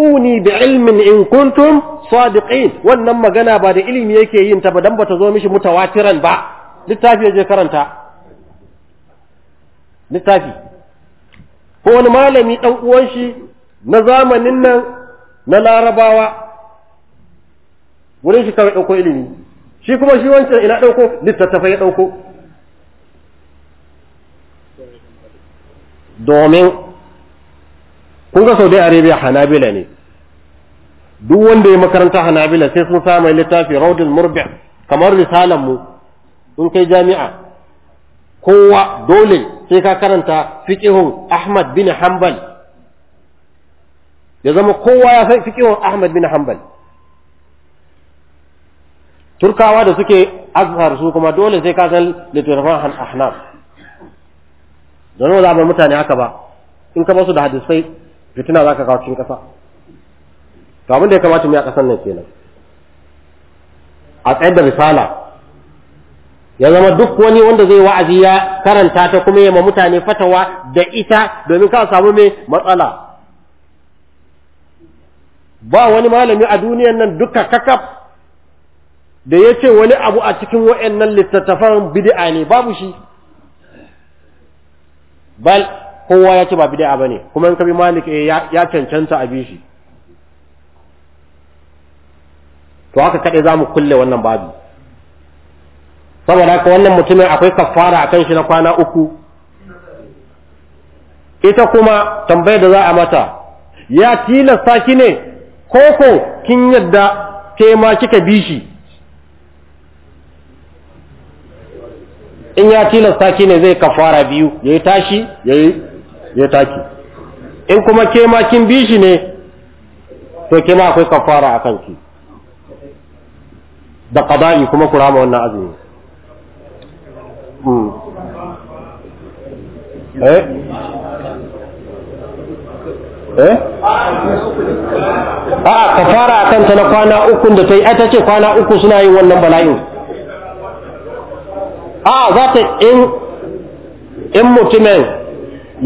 uni bi ilmin in kuntum sadiqin wannan magana ba da ilimi yake yin ta ba dan bata zo mishi mutawatiran ba littafi je karanta littafi ko wani malami dan uwan shi na zamanin nan na larabawa wurin shi kawai ɗauko ilimi shi kuma shi wancan ina ɗauko littattafai ya ɗauko domin kun ga saudi arabia hanabila ne duk wanda ya makaranta hanabila sai sun samu littafi raudin murbi kamar misalan mu in kai jami'a kowa dole sai ka karanta fiƙihun ahmad bin hanbal ya zama kowa ya san fiqhun Ahmad bin Hanbal turkawa da suke azhar su kuma dole sai ka san littattafan ahnaf don ba mutane haka ba in ka basu da hadisai fitina za ka kawo cikin ƙasa to abin da ya kamata mu yi a ƙasar nan kenan a tsayar da risala ya zama duk wani wanda zai wa'azi ya karanta ta kuma ya ma mutane fatawa da ita domin ka samu mai matsala ba wani malami a duniyan nan duka kakaf da ya ce wani abu a cikin wa'annan littattafan bid'a ne babu shi bal kowa ya ce ba bid'a ne, kuma in kabi malik eh, ya cancanta a shi to haka kaɗai za mu kulle wannan babu saboda haka wannan mutumin akwai kafara a kan shi na kwana uku ita kuma tambayar da za a mata ya tilasta ki ne ko ko kin yadda ke ma kika bi shi in ya tilasta ki ne zai kafara biyu ya yi tashi ya yi taki in kuma ke ma kin bi shi ne to ke ma akwai kafara a kanki da qada'i kuma ku rama wannan azumi hmm. eh eh a'a kafara akan ta na kwana uku da ta yi ta ce kwana uku suna yin wannan bala'in a za ta in mutumin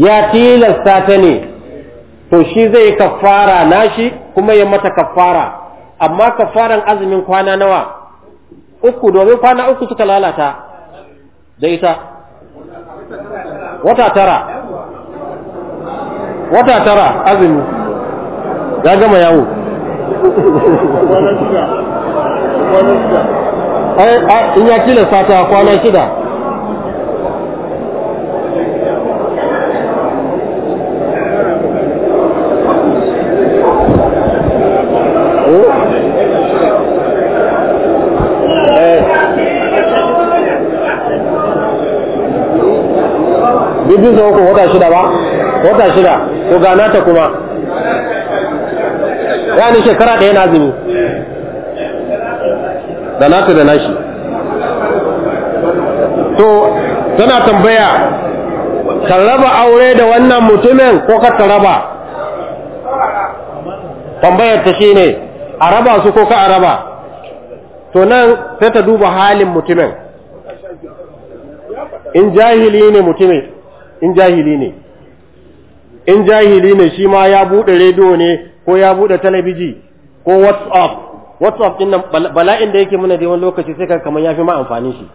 ya tilasta ta ne to shi zai kafara nashi kuma ya mata kafara amma kafaran azumin kwana nawa uku domin kwana uku suka lalata da ita wata tara wata tara azumi ya gama yawo in ya kila sata kwana shida bibin sa uku wata shida ba wata shida to gana ta kuma yani shekara ɗaya na azumi da nata da nashi to tana tambaya ka raba aure da wannan mutumin ko ka ta raba tambayar ta shi ne a raba su ko ka a raba to nan sai ta duba halin mutumin in jahili ne mutumin in jahili ne in jahili ne shi ma ya buɗe rediyo ne ko ya buɗe talabiji ko whatsapp whatsapp din nan bala'in da yake muna da wani lokaci sai ka kamar ya fi ma amfani shi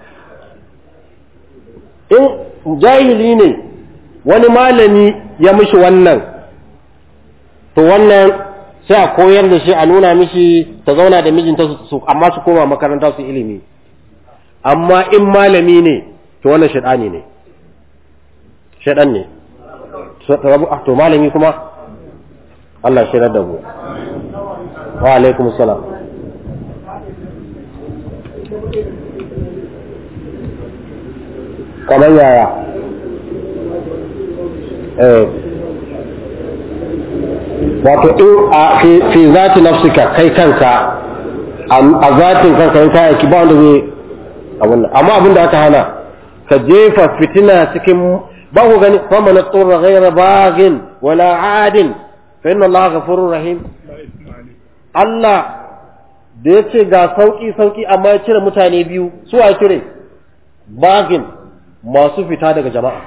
in jahili ne wani malami ya mishi wannan to wannan sai a koyar da shi a nuna mishi ta zauna da mijinta su amma su koma makaranta su ilimi amma in malami ne to wannan shaɗani ne shaɗan ne rabu a ah, to malami kuma Allah shi da mu wa alaikum salam kamar yaya eh wato in a fi zati nafsika kai kanka a zatin kanka in kaya ki ba wanda zai abin amma abin da aka hana ka jefa fitina cikin ba ku gani faman tsurra ghayra baghin wala adin fa inna Allah ghafurur rahim Allah da ya ce ga sauki sauki amma ya cire mutane biyu su a cire baghin masu fita daga jama'a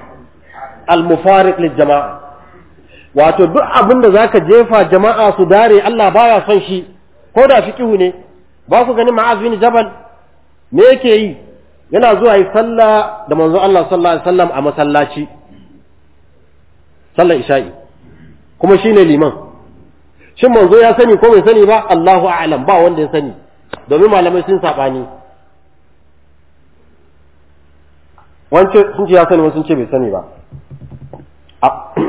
al-mufariq lil jama'a wato duk abin da zaka jefa jama'a su dare Allah baya son shi ko da fiqihu ne ba ku gani ma'az jabal me yake yi yana zuwa yi sallah da manzon Allah sallallahu alaihi wasallam a masallaci sallar isha'i kuma shine liman shin manzo ya sani ko bai sani ba Allahu a'lam ba wanda ya sani domin malamai sun sabani wance sun ce ya sani wasu ce bai sani ba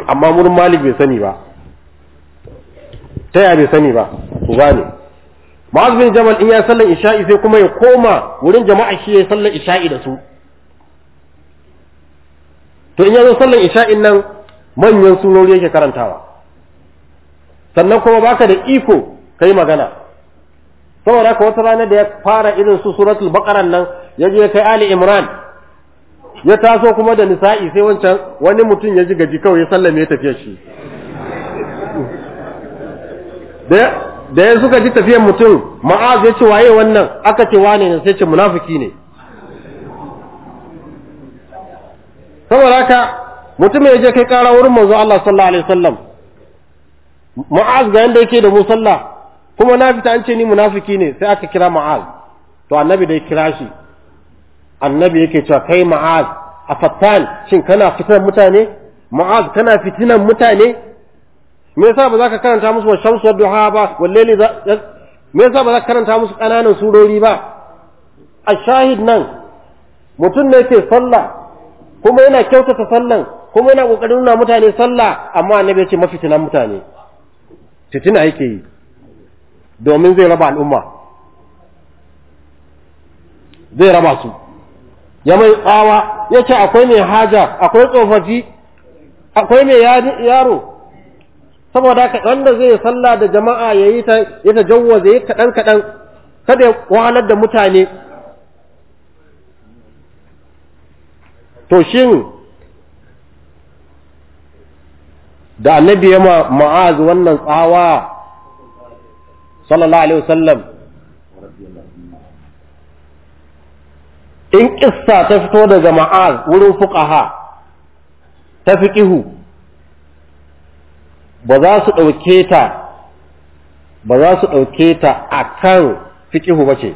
amma murin malik bai sani ba ta yaya bai sani ba ku gane Ma'az bin Jabal in ya sallar isha'i sai kuma ya koma wurin jama'a shi ya sallar isha'i da su to in ya zo sallar isha'in nan manyan sunori yake karantawa sannan kuma baka da iko kai magana saboda haka wata rana da ya fara irin su suratul baqaran nan ya je kai ali imran ya taso kuma da nisa'i sai wancan wani mutum ya ji gaji kawai ya sallame ya tafiya shi da ya suka ji tafiyar mutum ma'az ya ce waye wannan aka ce wane ne sai ce munafiki ne saboda haka mutum ya je kai kara wurin manzo Allah sallallahu alaihi wasallam ma'az ga yanda yake da mu sallah kuma na fita an ce ni munafiki ne sai aka kira ma'az to annabi da ya kira shi annabi yake cewa kai ma'az a fattan shin kana fitinan mutane ma'az kana fitinan mutane me yasa ba za ka karanta musu wa shamsu ha ba wallahi me yasa ba za ka karanta musu kananan surori ba a shahid nan mutum ne ke sallah kuma yana kyautata sallan kuma yana kokarin nuna mutane sallah amma annabi ya ce mafitinan mutane fitina yake yi domin zai raba al'umma zai raba su ya mai tsawa ya ce akwai mai haja akwai tsofaffi akwai mai yaro saboda haka wanda zai sallah da jama'a ya yi ta ya tajawwaza yayi kaɗan-kaɗan, kada ya wahalar da mutane to shin da annabi ya ma'az wannan tsawa sallallahu alaihi wasallam in kissa ta fito daga ma'az wurin fuqaha ta fiqihu ba za su ɗauke ta ba za su ɗauke ta a kan fiƙihu ba ce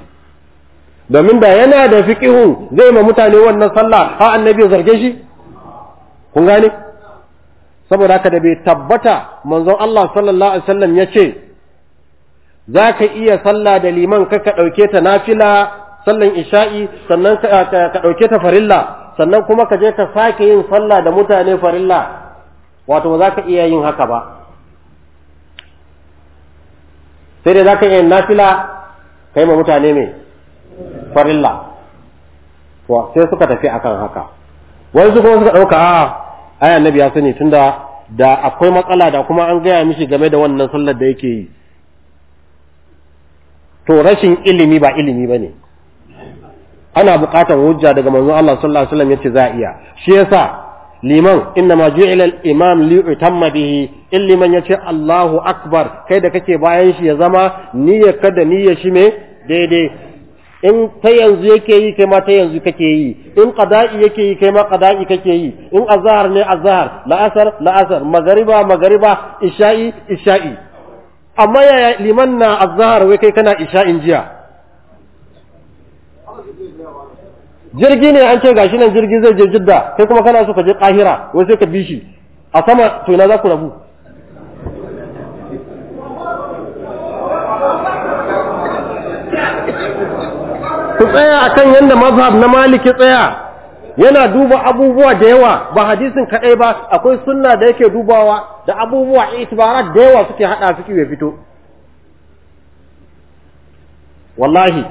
domin da yana da fiƙihu zai ma mutane wannan sallah ha annabi zarge shi kun gane saboda haka da bai tabbata manzon Allah sallallahu alaihi wasallam ya ce za ka iya sallah da liman ka ka ɗauke ta nafila sallan isha'i sannan ka ɗauke ta farilla sannan kuma ka je ka sake yin sallah da mutane farilla wato ba za ka iya yin haka ba sai dai ka yi nafila kai ma mutane mai farilla Wa sai suka tafi akan haka wani su kuma suka ɗauka a ai annabi ya sani tunda da akwai matsala da kuma an gaya mishi game da wannan sallar da yake yi to rashin ilimi ba ilimi ba ne ana buƙatar hujja daga manzon Allah sallallahu alaihi wasallam yace za iya shi yasa liman inna ma ju'ila al-imam li bihi in liman yace Allahu akbar kai da kake bayan shi ya zama niyyar ka da niyyar shi me daidai in ta yanzu yake yi kai ma ta yanzu kake yi in qada'i yake yi kai ma qada'i kake yi in azhar ne azhar la'asar la'asar magariba magariba isha'i isha'i amma yaya liman na azhar wai kai kana isha'in jiya jirgi ne an ce gashi nan jirgi zai je jidda kai kuma kana so ka je kahira wai sai ka bi shi a sama to ina za ku rabu ku tsaya akan yadda mazhab na maliki tsaya yana duba abubuwa da yawa ba hadisin kadai ba akwai sunna da yake dubawa da abubuwa itibarat da yawa suke haɗa suke ya fito wallahi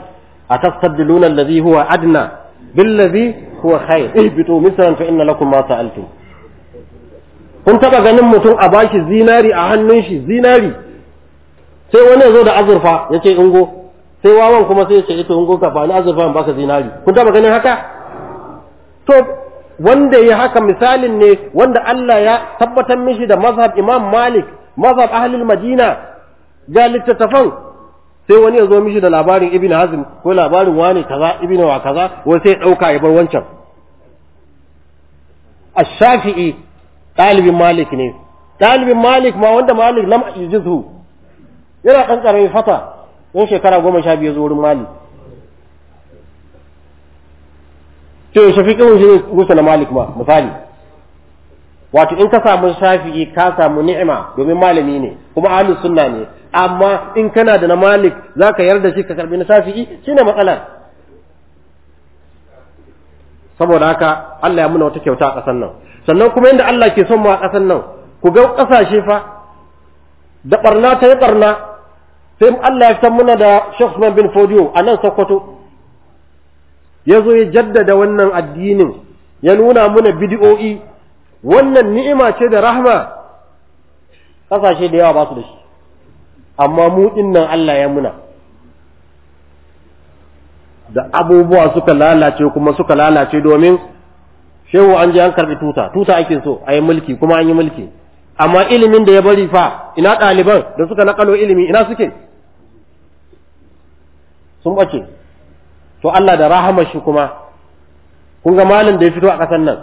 a atastabdiluna alladhi huwa adna billazi huwa khair ihbitu misran fa inna lakum ma sa'altum kun taba ganin mutum a bashi zinari a hannun shi zinari sai wani ya zo da azurfa ya ce ingo sai wawan kuma sai ya ce ita ingo ka ba ni azurfa in baka zinari kun taba ganin haka to wanda ya haka misalin ne wanda Allah ya tabbatar mishi da mazhab Imam Malik mazhab ahlul Madina ga littattafan sai wani ya zo mishi da labarin ibn hazm ko labarin wani kaza ibn wa kaza wai sai ya dauka ya bar wancan ash-shafi'i dalibin malik ne dalibin malik ma wanda malik lam yujizu yana dan karamin fata don shekara goma sha biyu wurin malik to kun shi gusa na malik ma misali wato in ka samu shafi'i ka samu ni'ima domin malami ne kuma ahlus sunna ne amma in kana da na malik za ka yarda shi ka karbi na shafi'i ne matsalar. saboda haka Allah ya muna wata kyauta a ƙasar nan sannan kuma yadda Allah ke son mu a ƙasar nan ku ga ƙasashe fa da barna ta yi barna sai Allah ya fitar muna da Sheikh Usman bin Fodio a nan Sokoto ya zo ya jaddada wannan addinin ya nuna muna bidi'o'i wannan ni'ima ce da rahma ƙasashe da yawa ba su da shi amma mu nan Allah ya muna da abubuwa suka lalace kuma suka lalace domin shehu an ji an karbi tuta tuta ake so a yi mulki kuma an yi mulki amma ilimin da ya bari fa ina ɗaliban da suka naƙalo ilimi ina suke sun ɓace to Allah da rahamar shi kuma kun ga malin da ya fito a ƙasar nan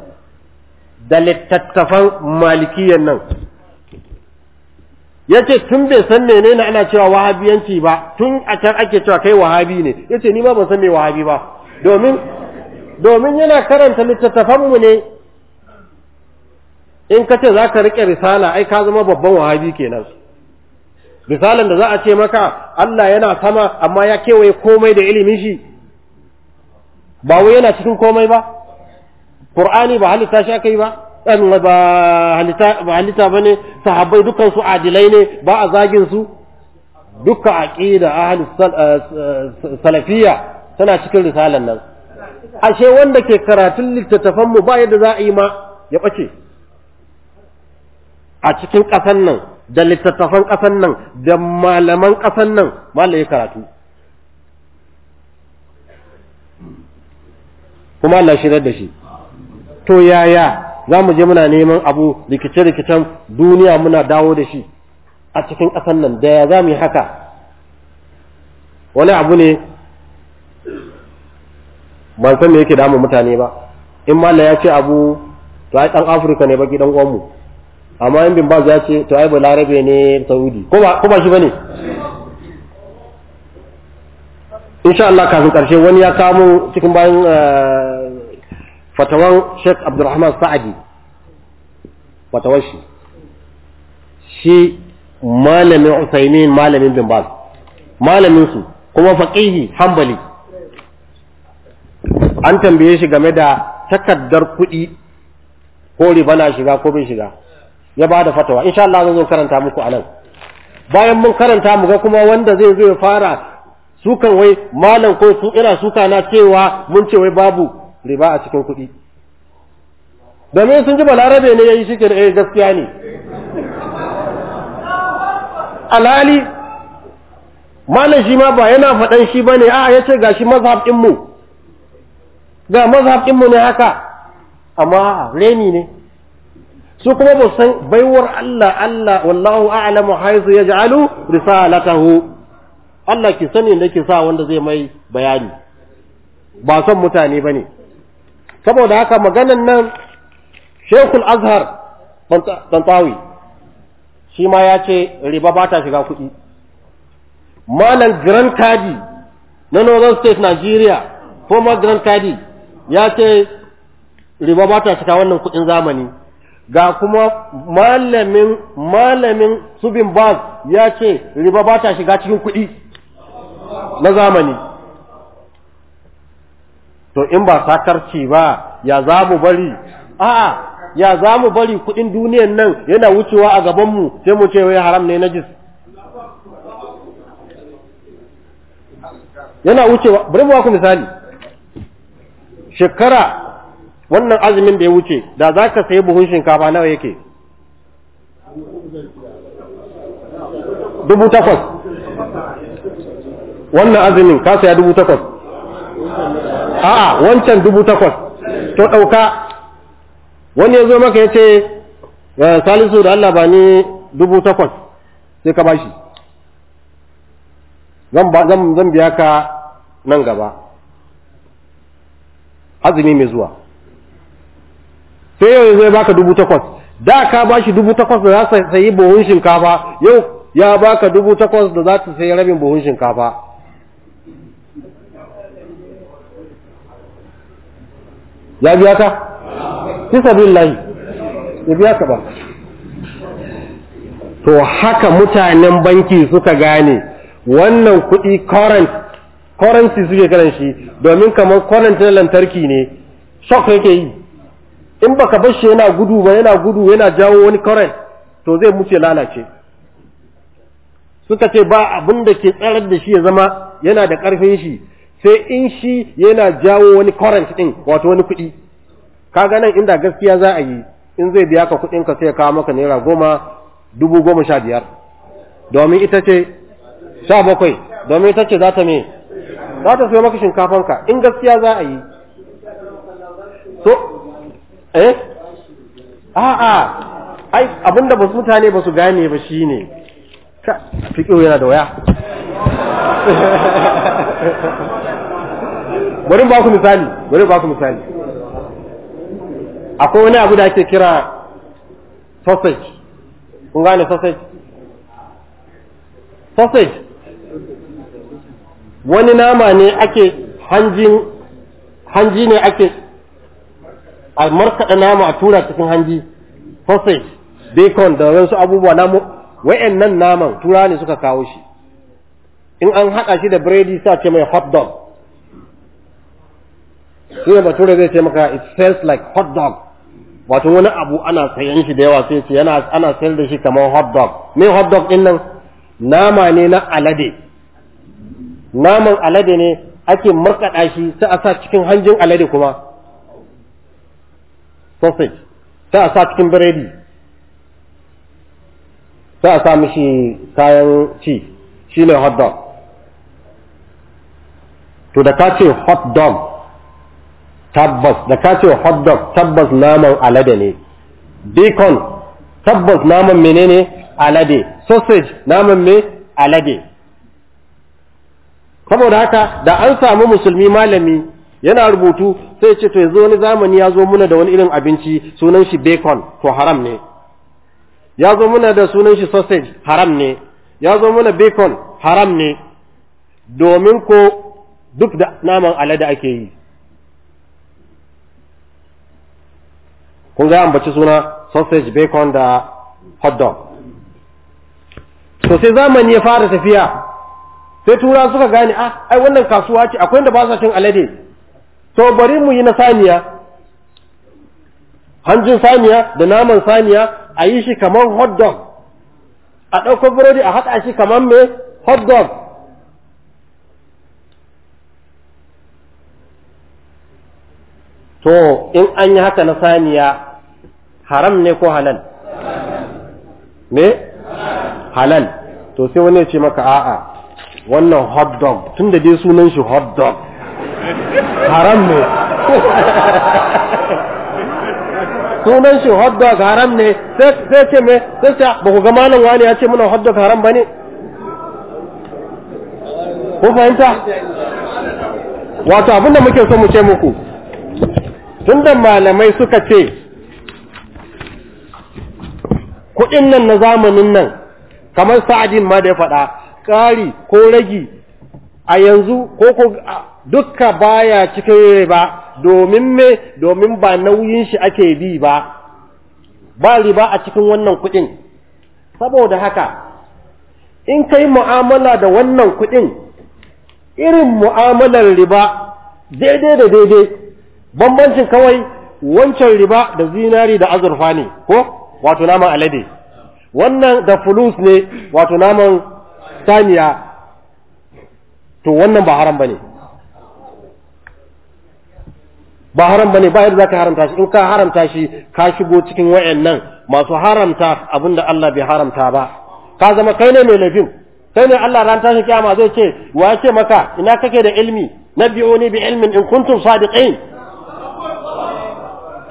da littattafan malikiyan nan yace tun bai san menene ana cewa wahabiyanci ba tun a can ake cewa kai wahabi ne yace ni ma ban san me wahabi ba domin domin yana karanta littattafan mu ne in ka ce zaka rike risala ai ka zama babban wahabi kenan risalan da za a ce maka Allah yana sama amma ya kewaye komai da ilimin shi ba wai yana cikin komai ba Qur'ani ba halitta shi aka yi ba ba halitta ba ne sahabbai dukansu adilai ne ba a zagin su duka aqida ahli eh, salafiyya tana cikin risalan nan ashe wanda ke karatun littattafan mu ba yadda za a yi ma ya bace a cikin ƙasan nan da littattafan ƙasan nan da malaman ƙasan nan malai ya karatu kuma Allah shirar da shi to yaya za mu je muna neman abu rikice-rikicen duniya muna dawo da shi a cikin ƙasan nan da ya za mu yi haka wani abu ne ban san yake damun mutane ba in ma ya ce abu to ai dan afirka ne baki dan uwanmu amma in bin ya ce to ai balarabe ne saudi ko ba shi ba ne in insha Allah kafin karshe wani ya kamo cikin bayan eh, fatawan Sheikh Abdulrahman Sa'adi fatawan shi shi malamin Usaimin malamin bin Baz malamin su kuma faqihi hambali, an tambaye shi game da takardar kuɗi ko riba na shiga ko bin shiga ya bada fatawa insha Allah zan zo karanta muku anan bayan mun karanta mu ga kuma wanda zai zo ya fara sukan wai malam ko su ina suka na cewa mun ce wai babu riba a cikin kuɗi domin sun ji balarabe ne ya yi shi ke eh gaskiya ne alhali malam shi ma ba yana faɗan shi ba ne a ya ce ga shi mazhab ɗinmu ga mazhab ne haka amma reni ne su kuma ba san baiwar Allah Allah wallahu a'lamu haizu ja'alu risalatahu Allah ki sani da ki sa wanda zai mai bayani ba son mutane ba ne. saboda haka maganan nan shekul azhar tantawi shi ma ya ce riba ba ta shiga kuɗi malam grand kadi na northern state nigeria former grand kadi ya ce riba ba ta shiga wannan kuɗin zamani ga kuma malamin malamin subin bas ya ce riba ba ta shiga cikin kuɗi na zamani to in ba sakarci ba ya za mu bari a'a ya za mu bari kuɗin duniyan nan yana wucewa a gabanmu sai mu ce wai haram ne najis yana wucewa bari mu ku misali shekara wannan azumin da ya wuce da za ka sayi buhun shinkafa nawa yake dubu takwas wannan azumin ka saya dubu takwas a'a wancan dubu takwas to ɗauka wani ya zo maka ya ce eh, salisu da Allah ba ni dubu takwas sai ka bashi zan biya ka nan gaba azumi mai zuwa sai yau zai baka dubu takwas da ka bashi dubu takwas da za su sayi buhun shinkafa yau ya baka dubu takwas da za su sayi rabin buhun shinkafa ya biya ka fi lai ya biya ka ba to haka mutanen banki suka gane wannan kuɗi current currency suke kiran shi domin kamar current na lantarki ne shock yake yi in baka bar shi yana gudu ba yana gudu yana jawo wani current to zai muce lalace suka ce ba abin da ke tsarar da shi ya zama yana da ƙarfin shi sai in shi yana jawo wani current din wato wani kuɗi kaga nan inda gaskiya za a yi in zai biya ka kuɗin ka sai kawo maka naira goma dubu goma sha biyar domin ita ce sha bakwai domin ita ce za ta me za ta sayo maka shinkafanka in gaskiya za a yi so eh a'a ai abinda ba mutane ba su gane ba shine fiƙo yana da waya [LAUGHS] bari ba ku misali bari ba ku misali akwai wani abu da ake kira sausage kun gane sausage sausage wani nama ne ake hanjin hanji ne ake a markaɗa nama a tura cikin hanji sausage bacon da wasu abubuwa namu wa'annan naman tura ne suka kawo shi in an haɗa shi da biredi sa ce mai hot dog shi ne bature zai ce maka it sells like hot dog wato wani abu ana sayan shi da yawa sai ce yana ana sayar da shi kamar hot dog me hot dog din nan nama ne na alade naman alade ne ake markaɗa shi sai a sa cikin hanjin alade kuma sausage sai a sa cikin biredi sai a sa mishi kayan ci ne hot dog to da ka ce hot dog tabbas da ka ce hot dog tabbas naman alade ne bacon tabbas naman menene alade sausage naman me alade saboda haka da an samu musulmi malami yana rubutu sai ce to yanzu wani zamani ya zo muna da wani irin abinci sunan shi bacon to haram ne ya zo muna da sunan shi sausage haram ne ya zo muna bacon haram ne domin ko duk da naman alade ake yi kun ga ambaci suna sausage bacon da hot dog sosai zamani ya fara tafiya sai tura suka gane ah ai wannan kasuwa ce akwai da ba sa cin alade to bari mu yi na saniya hanjin saniya da naman saniya a yi shi kamar hot dog a ɗauko burodi a haɗa shi kamar mai hot dog to in an yi haka na saniya haram ne ko halal me halal to sai wani ya ce maka a'a wannan hot dog tun da dai sunan shi hot dog haram ne [LAUGHS] sunan shi hot dog haram ne sai ce me sai ce ba ku ga malam wani ya ce muna hot dog haram bane ko fahimta wato abinda muke so mu ce muku tunda malamai suka ce kuɗin nan na zamanin nan kamar sa'adin ma da ya faɗa ƙari ko ragi a yanzu ko ko dukka baya cikin riba domin me domin ba nauyin shi ake bi ba ba riba a cikin wannan kuɗin saboda haka in kai mu'amala da wannan kuɗin irin mu'amalar riba daidai da daidai bambancin kawai wancan riba da zinari da azurfa ne ko wato naman alade wannan da fulus ne wato naman saniya to wannan ba haram bane ba haram bane ba yadda zaka haramta shi in ka haramta shi ka shigo cikin wayannan masu haramta abinda Allah bai haramta ba ka zama kai ne mai laifin kai ne Allah ran tashi kiyama zai ce wa ce maka ina kake da ilmi nabbi'uni bi ilmin in kuntum sadiqin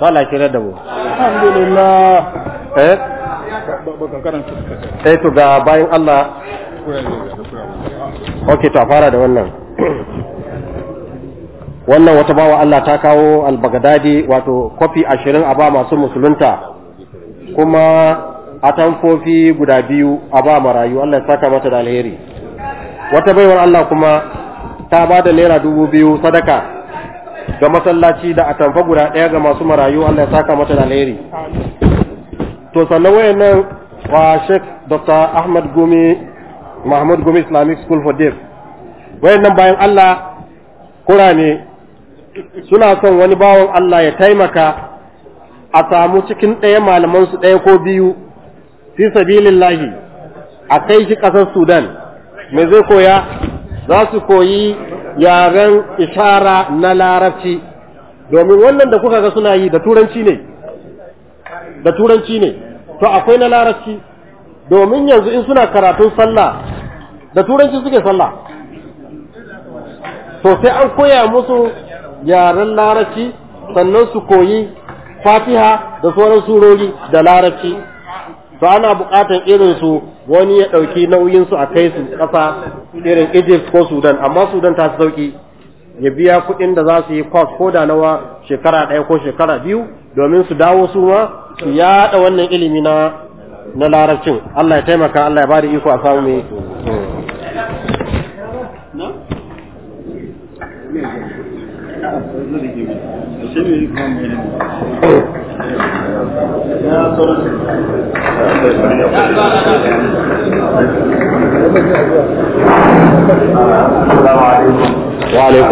Allah shirya da mu alhamdulillah eh eh to ga bayan Allah okay to a fara da wannan [CLEARS THROAT] wannan wata bawa Allah ta kawo albagadadi wato kofi ashirin a ba masu musulunta kuma atamfofi guda biyu a ba marayu Allah ya saka mata da alheri wata baiwar Allah kuma ta ba da naira dubu biyu sadaka ga masallaci da a atamfa guda ɗaya ga masu marayu Allah ya saka mata da alheri to sannan wayannan wa Sheikh Dr. Ahmad Gumi Muhammad Gumi Islamic School for Deaf wayannan bayan Allah kura ne suna son wani bawan Allah ya taimaka a samu cikin ɗaya malaman su ɗaya ko biyu fi sabilillahi a kai shi ƙasar Sudan me zai koya za su koyi yaren ishara na larabci domin wannan da kuka ga suna yi da turanci ne da turanci ne to akwai na larabci domin yanzu in suna karatun sallah da turanci suke sallah to sai an koya musu yaren larabci sannan su koyi fatiha da sauran surori da larabci to ana buƙatar irin su wani ya ɗauki nauyinsu a kai su ƙasa irin Egypt ko Sudan amma Sudan ta sauki ya biya kuɗin da za su yi kwas ko da nawa shekara ɗaya ko shekara biyu domin su dawo su ma su yaɗa wannan ilimi na na larabcin Allah ya taimaka Allah ya bada iko a samu mai wa alaikum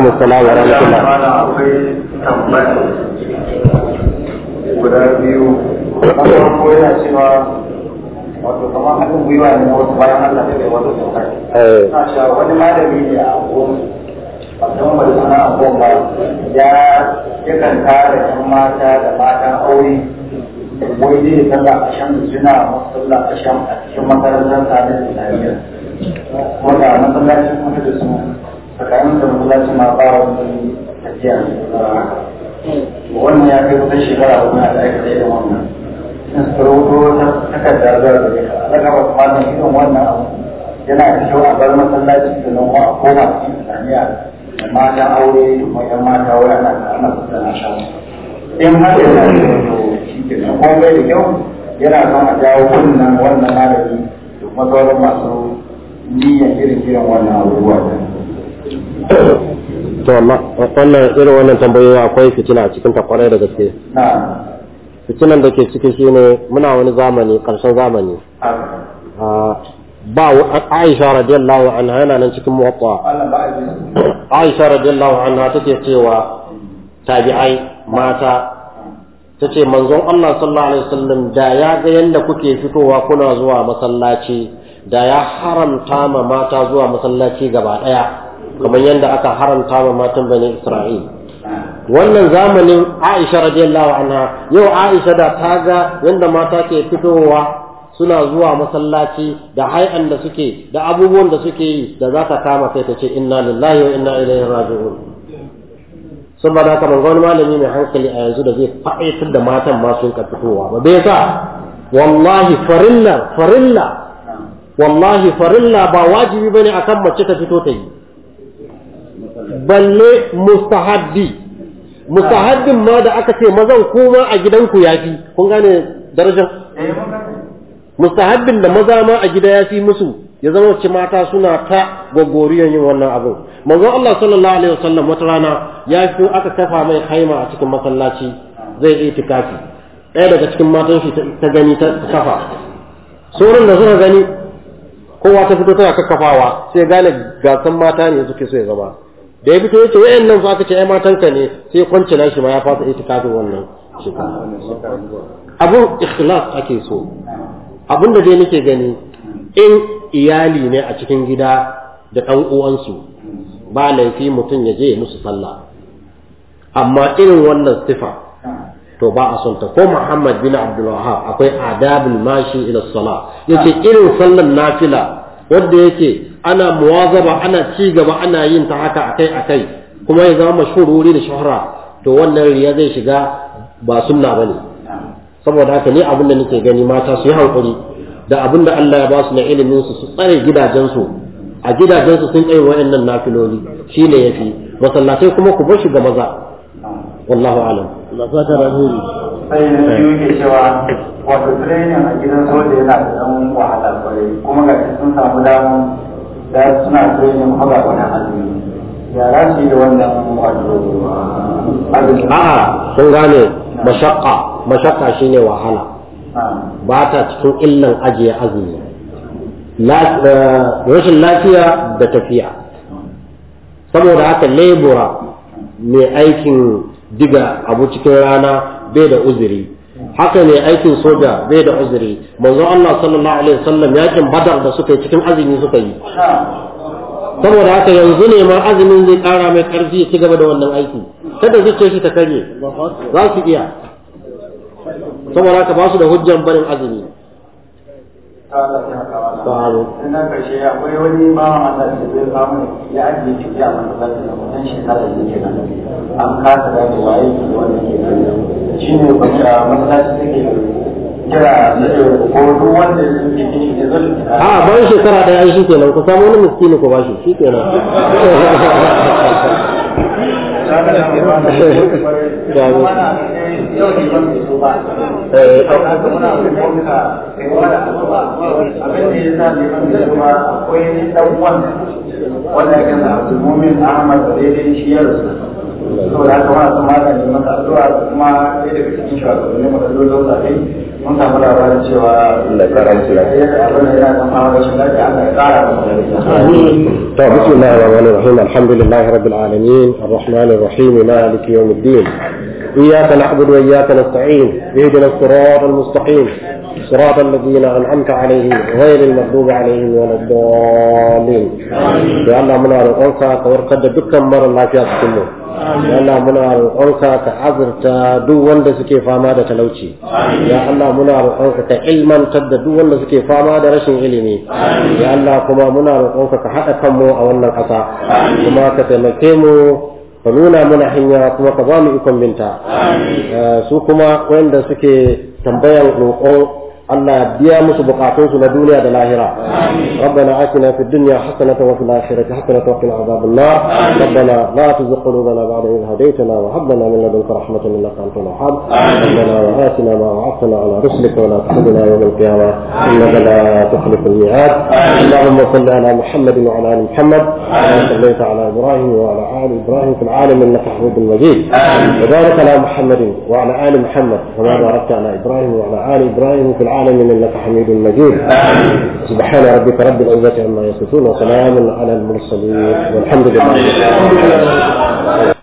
assalam wa rahmatullah wato kamar gwiwa ne wasu bayan Allah eh. Wani malami ne a don bai suna abuwan ba ya yakan tara yan mata da matan aure wai zai sallah a shan da suna sallah a shan a cikin makarantar tare da tarihi kuma ga masallacin kuma da su tsakanin da masallacin ma ba wani tafiya wannan ya kai kusan shekara wani da aka da wannan sun saroto ta takarda zuwa da ya ka alaka wasu malam irin wannan abu yana da kyau a bar masallaci da nan a koma cikin islamiyya mata aure da kuma yan mata wai ana ana kusa na sha in har yana da shi ke nan kuma da kyau yana son a jawo wannan wannan malami da kuma sauran masu niyyar irin kiran wannan abubuwa to amma wannan irin wannan tambayoyi akwai fitina a cikin ta kwarai da gaske fitinan da ke ciki shine muna wani zamani ƙarshen zamani ba Aisha radiyallahu anha yana nan cikin muwatta Aisha radiyallahu anha take cewa tabi'ai mata tace manzon Allah sallallahu alaihi wasallam da ya ga yanda kuke fitowa kuna zuwa masallaci da ya haramta ma mata zuwa masallaci gaba daya kamar yanda aka haramta ma matan bani Isra'il wannan zamanin Aisha radiyallahu anha yau Aisha da ta ga yanda mata ke fitowa suna zuwa masallaci da hai'an da suke da abubuwan da suke yi da za ka kama kai ta ce inna lillahi wa inna ilaihi raji'un saboda haka ban wani malami mai hankali a yanzu da zai faɗaitar da matan ma sun ka fitowa ba bai sa wallahi farilla farilla wallahi farilla ba wajibi bane akan mace ta fito ta yi balle mustahabbi mustahabbin ma da aka ce mazan kuma a gidanku yafi kun gane darajar eh, mustahabbin da maza ma a gida ya fi musu ya zama ce mata suna ta gogoriyar yin wannan abu manzo Allah sallallahu alaihi wasallam wata rana ya fi aka kafa mai haima a cikin masallaci zai yi tikafi ɗaya daga cikin matan shi ta gani ta kafa sauran da suka gani kowa ta fito tana kakkafawa sai gane gasan mata ne suke so ya zama da ya fito ya ce wayan nan fa ce ai ka ne sai kwanci na shi ma ya fasa itikafin wannan shekara abu ikhlas ake so abin da dai nake gani in iyali ne a cikin gida da ɗan uwansu ba laifi mutum ya je ya musu sallah amma irin wannan sifa to ba a son ko Muhammad bin Abdul akwai adabul mashi ila Ya yace irin sallan nafila wanda yake ana muwazaba ana ci gaba ana yin ta haka akai akai kuma ya zama mashhururi da shahara, to wannan riya zai shiga ba sunna ne. saboda haka ni abin da nake gani mata su yi hankuri da abin da Allah ya ba su na ilimin su su tsare gidajensu a gidajensu sun tsaye wa'annan nafiloli shi ne yafi masallatai kuma ku bar shi ga maza wallahu alam Allah ya ta rahuri sai na ke cewa wato training a gidan soja yana da dan wahala kwarai kuma ga sun samu damu, da suna training haɓa wani azumi ya rashi da wannan wato a'a sun gane Mashaƙa shi shine wahala ba ta cikin illan ajiye azumi eh, rashin lafiya da tafiya saboda haka lebura mai aikin diga abu cikin rana bai da uzuri haka ne aikin soja bai da uzuri manzo Allah sallallahu alaihi wasallam yakin badar da suka yi cikin azumi suka yi saboda haka yanzu ne ma azumin zai ƙara mai karfi ya ci gaba da wannan aiki kada zuciyar shi ta karye za su iya saboda haka ba su da hujjan barin azumi na da ke waye ke wannan ke nan shi ne take a bayan shekara ɗaya ai shi kenan ku samu wani miskini ku bashi shi kenan wanda gana abdulmumin ahmad daidai shi طيب، بسم الله الرحمن الرحيم الحمد لله رب العالمين الرحمن الرحيم مالك يوم الدين إياك نعبد وإياك نستعين اهدنا الصراط المستقيم صراط الذين أنعمت عليهم غير المغضوب عليهم ولا الضالين آمين يا الله من أرض أنصار تورقد بكم مرة لا تأتي Allah muna roƙonka ka azurta duk wanda suke fama da talauci ya Allah muna roƙonka ka ilmantar da duk wanda suke fama da rashin ilimi ya Allah kuma muna roƙonka ka haɗa kanmu a wannan ƙasa kuma ka taimake mu ka nuna mana hanya kuma ka ba mu ikon binta eh, su kuma wanda suke tambayan roƙon الله يبديها مسبقاتون في الدنيا والآخرة ربنا آتنا في الدنيا حسنة وفي الآخرة حسنة وقنا عذاب الله ربنا لا تزغ قلوبنا بعد إذ هديتنا وهب لنا من لدنك رحمة إنك أنت الوهاب ربنا وآتنا ما وعدتنا على رسلك ولا تحرمنا يوم القيامة إنك لا تخلف الميعاد اللهم صل على محمد وعلى آل محمد كما صليت على إبراهيم وعلى آل إبراهيم في العالم إنك حميد مجيد وبارك على محمد وعلى آل محمد كما باركت على إبراهيم وعلى آل إبراهيم في العالم العالمين انك حميد مجيد سبحان ربك رب العزه عما يصفون وسلام على المرسلين والحمد لله